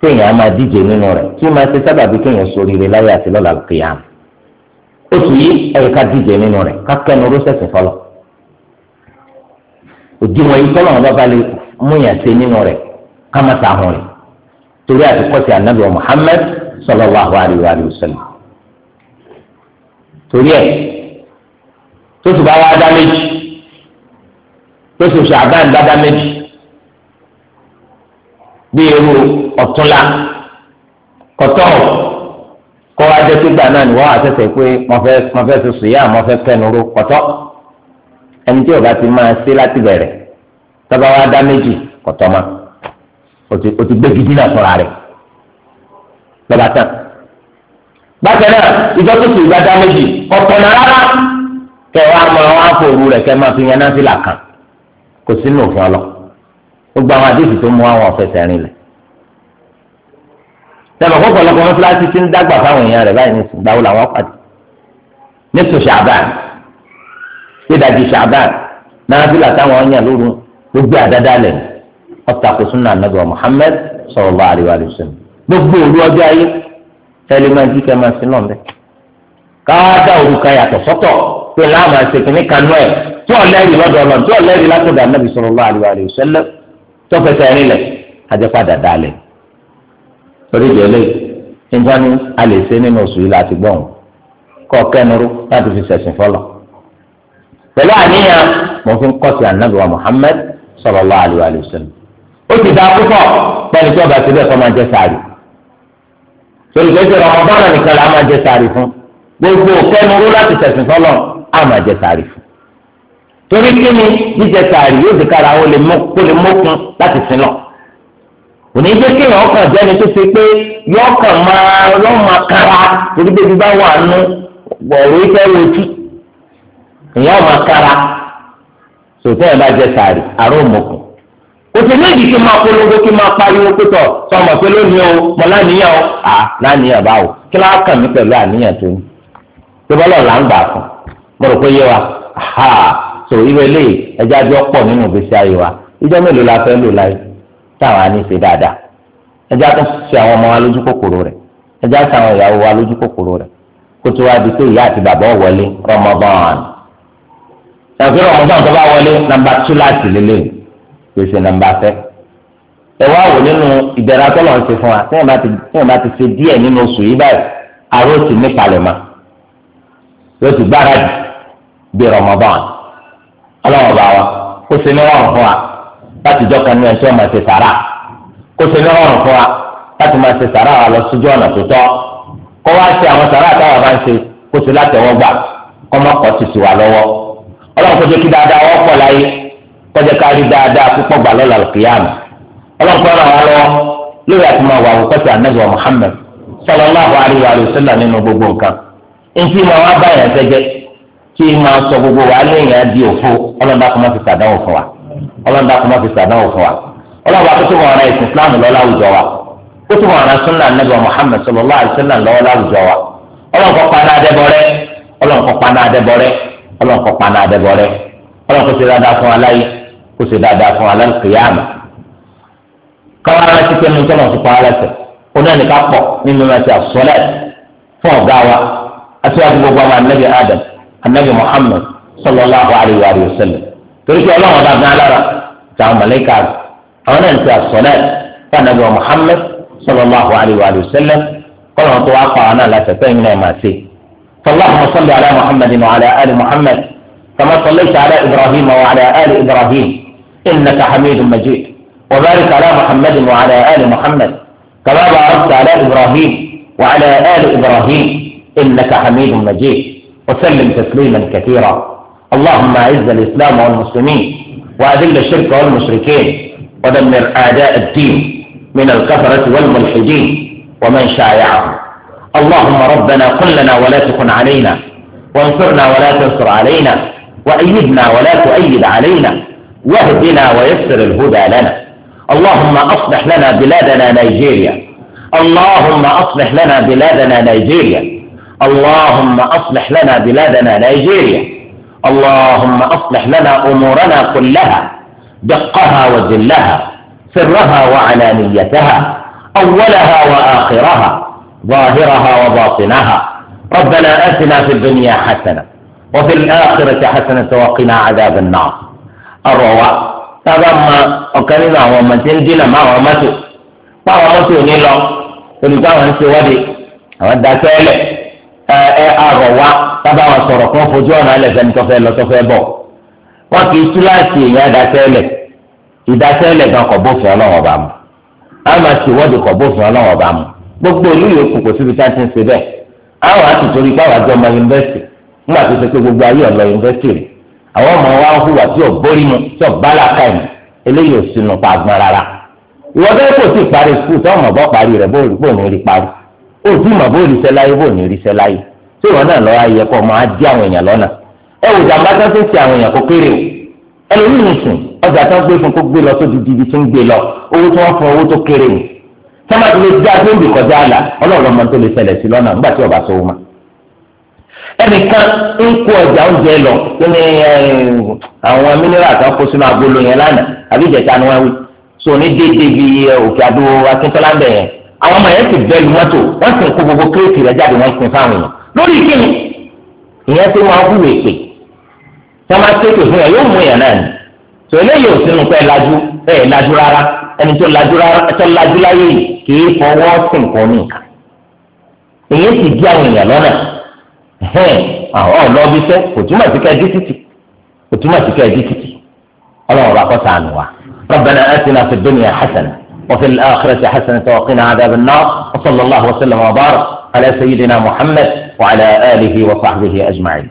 téèyàn á máa díje nínú rẹ̀ tí máa ṣe sábàbí kéèyàn ṣoríire láyé àti lọ́la kìyàmù oṣù yìí ẹ̀yẹ ká díje nínú rẹ̀ ká kẹ́nu rọ́ṣẹ̀sì fọlọ́ òdiwọ̀n yìí tọ́lọ̀ balẹ̀ múyàn ṣe tó sì bá wá dá méjì tó sì ṣàbá ń dá méjì bí irú ọ̀túnla kọ̀tọ́ kọ́ wá jẹ́ pígbà náà ni wọ́n wá sẹ̀sẹ̀ pé wọ́n fẹ́ sọ sùúyà wọ́n fẹ́ kẹnuru kọ̀tọ́ ẹni tí ọ̀gá ti máa ṣe láti bẹ̀rẹ̀ tọ́ba wá dá méjì kọ̀tọ́ ma o ti gbé gidi náà fúnra rẹ̀ lọ́ba tán bákan náà ìjọ tó dá méjì kọ̀tọ̀ náà rárá kẹ wàá mọ àwọn àpòrú rẹ kẹ máa fi yan náfìlà kan kò sínú òfin ọlọ gbogbo àwọn àdéhùn tó mú àwọn ọ̀fẹ́sẹ̀ rìn lẹ̀. sẹ́mi kó pọ̀lọpọ̀ wọn fúláṣí ti ń dàgbà fáwọn èèyàn rẹ̀ báyìí ní ìsìngbàwó làwọn pàdé nítorí ṣàbàn dídàjì ṣàbàn náfìlà táwọn ọ̀yàn lóru gbogbo àdáda lẹ̀ ọ̀tàkù súnà nàbẹ̀ Muhammad sallallahu alaihi wa sallam gbogbo pé láàmú àṣekì ní kanú ẹ̀ tí ọ̀lẹ́rì lọ́dọ̀ ọ̀nà tí ọ̀lẹ́rì látọ̀dọ̀ anábì sallallahu alaihi wa sallam tó fẹsẹ̀ rinlẹ̀ ajẹ́padà dalẹ̀. torí ìdílé níjọ́ ni a lè ṣe nínú oṣù yìí láti gbọ̀n kọ́ kẹ́nuru láti fi ṣẹ̀sìn fọlọ̀. pẹ̀lú àníyàn mo fi ń kọ́ sí anábì wa Muhammad sallallahu alaihi wa sallam. ó ti dá púpọ̀ pẹ̀lú tí ọba ti bẹ́ẹ̀ kọ́ máa jẹ́ sáré. torí pé ṣe rọmọbọ́nà nìkan la a máa jẹ sàárì fún torí kí ni jíjẹ sàárì yóò di kára ó lè mọ́kún láti sin lọ òní jẹ́ kí èèyàn ọkàn jẹ́ni tó ṣe pé yọkàn máa lọ́mọ kára torí bébí bá wà nù ọ̀rọ̀ ìfẹ́ lójú èèyàn ọmọ kára sòtẹ́ ẹ̀ bá jẹ sàárì àrùn mọ̀kùn òtún méjì kí máa polongo kí máa pariwo pẹ̀tọ̀ sọmọ pé lónìí o mọ láníyàn o à láníyàn báwo gbọ́dọ̀ pé yé wa ha so irú eléyìí ẹjẹ ajé ọ̀pọ̀ nínú ìgbésí ayé wa ìjọ mélòó la fẹ́ lò láyé táwọn á ní ṣe dáadáa ẹjẹ á tún ṣe àwọn ọmọ wa lójú kòkòrò rẹ̀ ẹjẹ á ṣe àwọn ìyàwó wa lójú kòkòrò rẹ̀ kó tó wá di pé ìyá àti bàbá wọlé Ramadan tàbí Ramadan tó bá wọlé nàmbà tú láti lélẹ̀ gbèsè nàmbà fẹ́ ẹ wá wò nínú ìdẹ̀ra tó lọ́n ṣe fún wa tí wọ́n bá ti ṣe díẹ̀ nínú oṣù yìí báyìí àrò ti nípalẹ̀ mọ́ yóò ti gbáradì bí Ramadan ọlọ́wọ́ bá wa kó ṣe ní rọrùn fún wa láti jọ́ kan ní ẹ̀ṣọ́ máa ṣe sàrà kó ṣe ní rọrùn fún wa láti máa ṣe sàrà wa lọ sójú ọ̀nà tó tọ́ kó wá ṣe àwọn sàrà bá ń ṣe kó láti gbà kọ́ wa lọ́wọ́ kó jẹ́ kí dáadáa wọ́n pọ̀ láyé kó jẹ́ tí máa sọ gbogbo wa léèyàn di òfo ọlọ́dà kò má fi sàdánwò fún wa ọlọ́dà kò má fi sàdánwò fún wa ọlọ́dà kò tó mọ̀ ọ̀rọ̀ ẹ̀sìn Islam lọ láwùjọ wa kó tó mọ̀ ọ̀rọ̀ sunna anabi Muhammad sallallahu alaihi wasallam lọ́wọ́ láwùjọ wa ọlọ́nkọ́ paná adébọ̀rẹ́ ọlọ́nkọ́ paná adébọ̀rẹ́ ọlọ́nkọ́ paná adébọ̀rẹ́ ọlọ́nkọ́ ṣe dáadáa fún aláyé kó ṣe dáadáa fún alákìyàmà káwọn ará ti pẹ́ mi tọ́lọ̀ ti pa ara tẹ̀ oní ẹnì anabi muhammed sallallahu alayhi wa sallam torí pé ọlọ́run ọba gan alára táwọn mọ̀lẹ́kà rẹ̀ àwọn náà ń ti àsọ̀lẹ̀ anabi muhammed sallallahu alayhi wa sallam kọ́lọ́run tó wá pa àwọn náà láti ẹ̀fẹ́ ìmìnira máa ṣe. sallallahu alayhi wa sallam ala muhammed wa ala ali muhammed kama sallaita ala ibrahim wa ala ali ibrahim innaka hamidu majid wa barik ala muhammed wa ala ali muhammed kama barakta ala ibrahim wa ala ali ibrahim innaka hamidun majid. وسلم تسليما كثيرا اللهم أعز الإسلام والمسلمين وأذل الشرك والمشركين ودمر أعداء الدين من الكفرة والملحدين ومن شايعهم اللهم ربنا قل لنا ولا تكن علينا وانصرنا ولا تنصر علينا وأيدنا ولا تؤيد علينا واهدنا ويسر الهدى لنا اللهم أصلح لنا بلادنا نيجيريا اللهم أصلح لنا بلادنا نيجيريا اللهم أصلح لنا بلادنا نيجيريا اللهم أصلح لنا أمورنا كلها دقها وزلها سرها وعلانيتها أولها وآخرها ظاهرها وباطنها ربنا أتنا في الدنيا حسنة وفي الآخرة حسنة وقنا عذاب النار الرواء تضم وكلمة ọ̀kan nínú ما ọmọ ما ń نيلو má àwọn ودي ودى àwọn ẹ àrọ̀ wa tábà wọn sọ̀rọ̀ kó fojú ọ̀nà alẹ́ fẹ́ni tó fẹ́ lọ tó fẹ́ bọ̀ wọn kì í tú láti èèyàn ìdásẹ́lẹ̀ ìdásẹ́lẹ̀ gan kọ̀ bófin ọlọ́wọ́ bá mu àmà tí ìwọ́de kọ̀ bófin ọlọ́wọ́ bá mu gbogbo ìlú yòókù kò síbi tá a ti ń ṣe bẹ́ẹ̀ àwọn àti torí pé àwọn àjọ ọmọ yunifásitì nígbà tó ṣe pé gbogbo ayé ọ̀lọ́ yunifásitì rẹ̀ àwọn ọmọ wa ń hùwà tí ò bórí mu tí ò bá làákà mu eléyìí ò sínú o sì mà bó ríṣẹ́ láyé bó ní ríṣẹ́ láyé tí ìwọ náà lọ́wọ́ ayẹ kọ́ máa dí àwọn èèyàn lọ́nà ẹ wò jàmbá tó ti àwọn èèyàn kó kéré o ẹlòmíì nìsín ọjà tó ń gbé fún kó gbé lọ sódì dìbì tó ń gbé lọ owó tí wọ́n fún owó tó kéré o sọ́mà tó lè dá tó ń bì kọjá àlà ọlọ́run ọmọ tó lè ṣẹlẹ̀ sí lọ́nà nígbà tí ọba sọ́wọ́ ma ẹnìkan ń kó ọjà oúnjẹ lọ nínú àwọn mineral kan kó sínú agolo yẹn lánàá àbí ìjẹta ni wọ́n wí so ní déédéé bíi òkè àdó akíntọ́lá bẹ̀yẹn àwọn ọmọ yẹn ti bẹ́ẹ̀lì mọ́tò wọ́n sì ń kó gbogbo kíréètì rẹ̀ jáde wọ́n sin fáwọn èèyàn lórí kíni ìyẹn tí wọ́n hùwà èpè tí wọ́n máa tètè fún yẹn yóò mú yẹn náà ni tò eléyìí ò sínú pé lajú ẹ lajú rárá ẹni tó lajú rárá tó lajú láyé kì í fọwọ́ di àwọn èèyàn lọ́nà àwọn kò túmọ̀ sí dí títì kò túmọ̀ sí dí títì وفي الآخرة حسنة وقنا عذاب النار وصلى الله وسلم وبارك على سيدنا محمد وعلى آله وصحبه أجمعين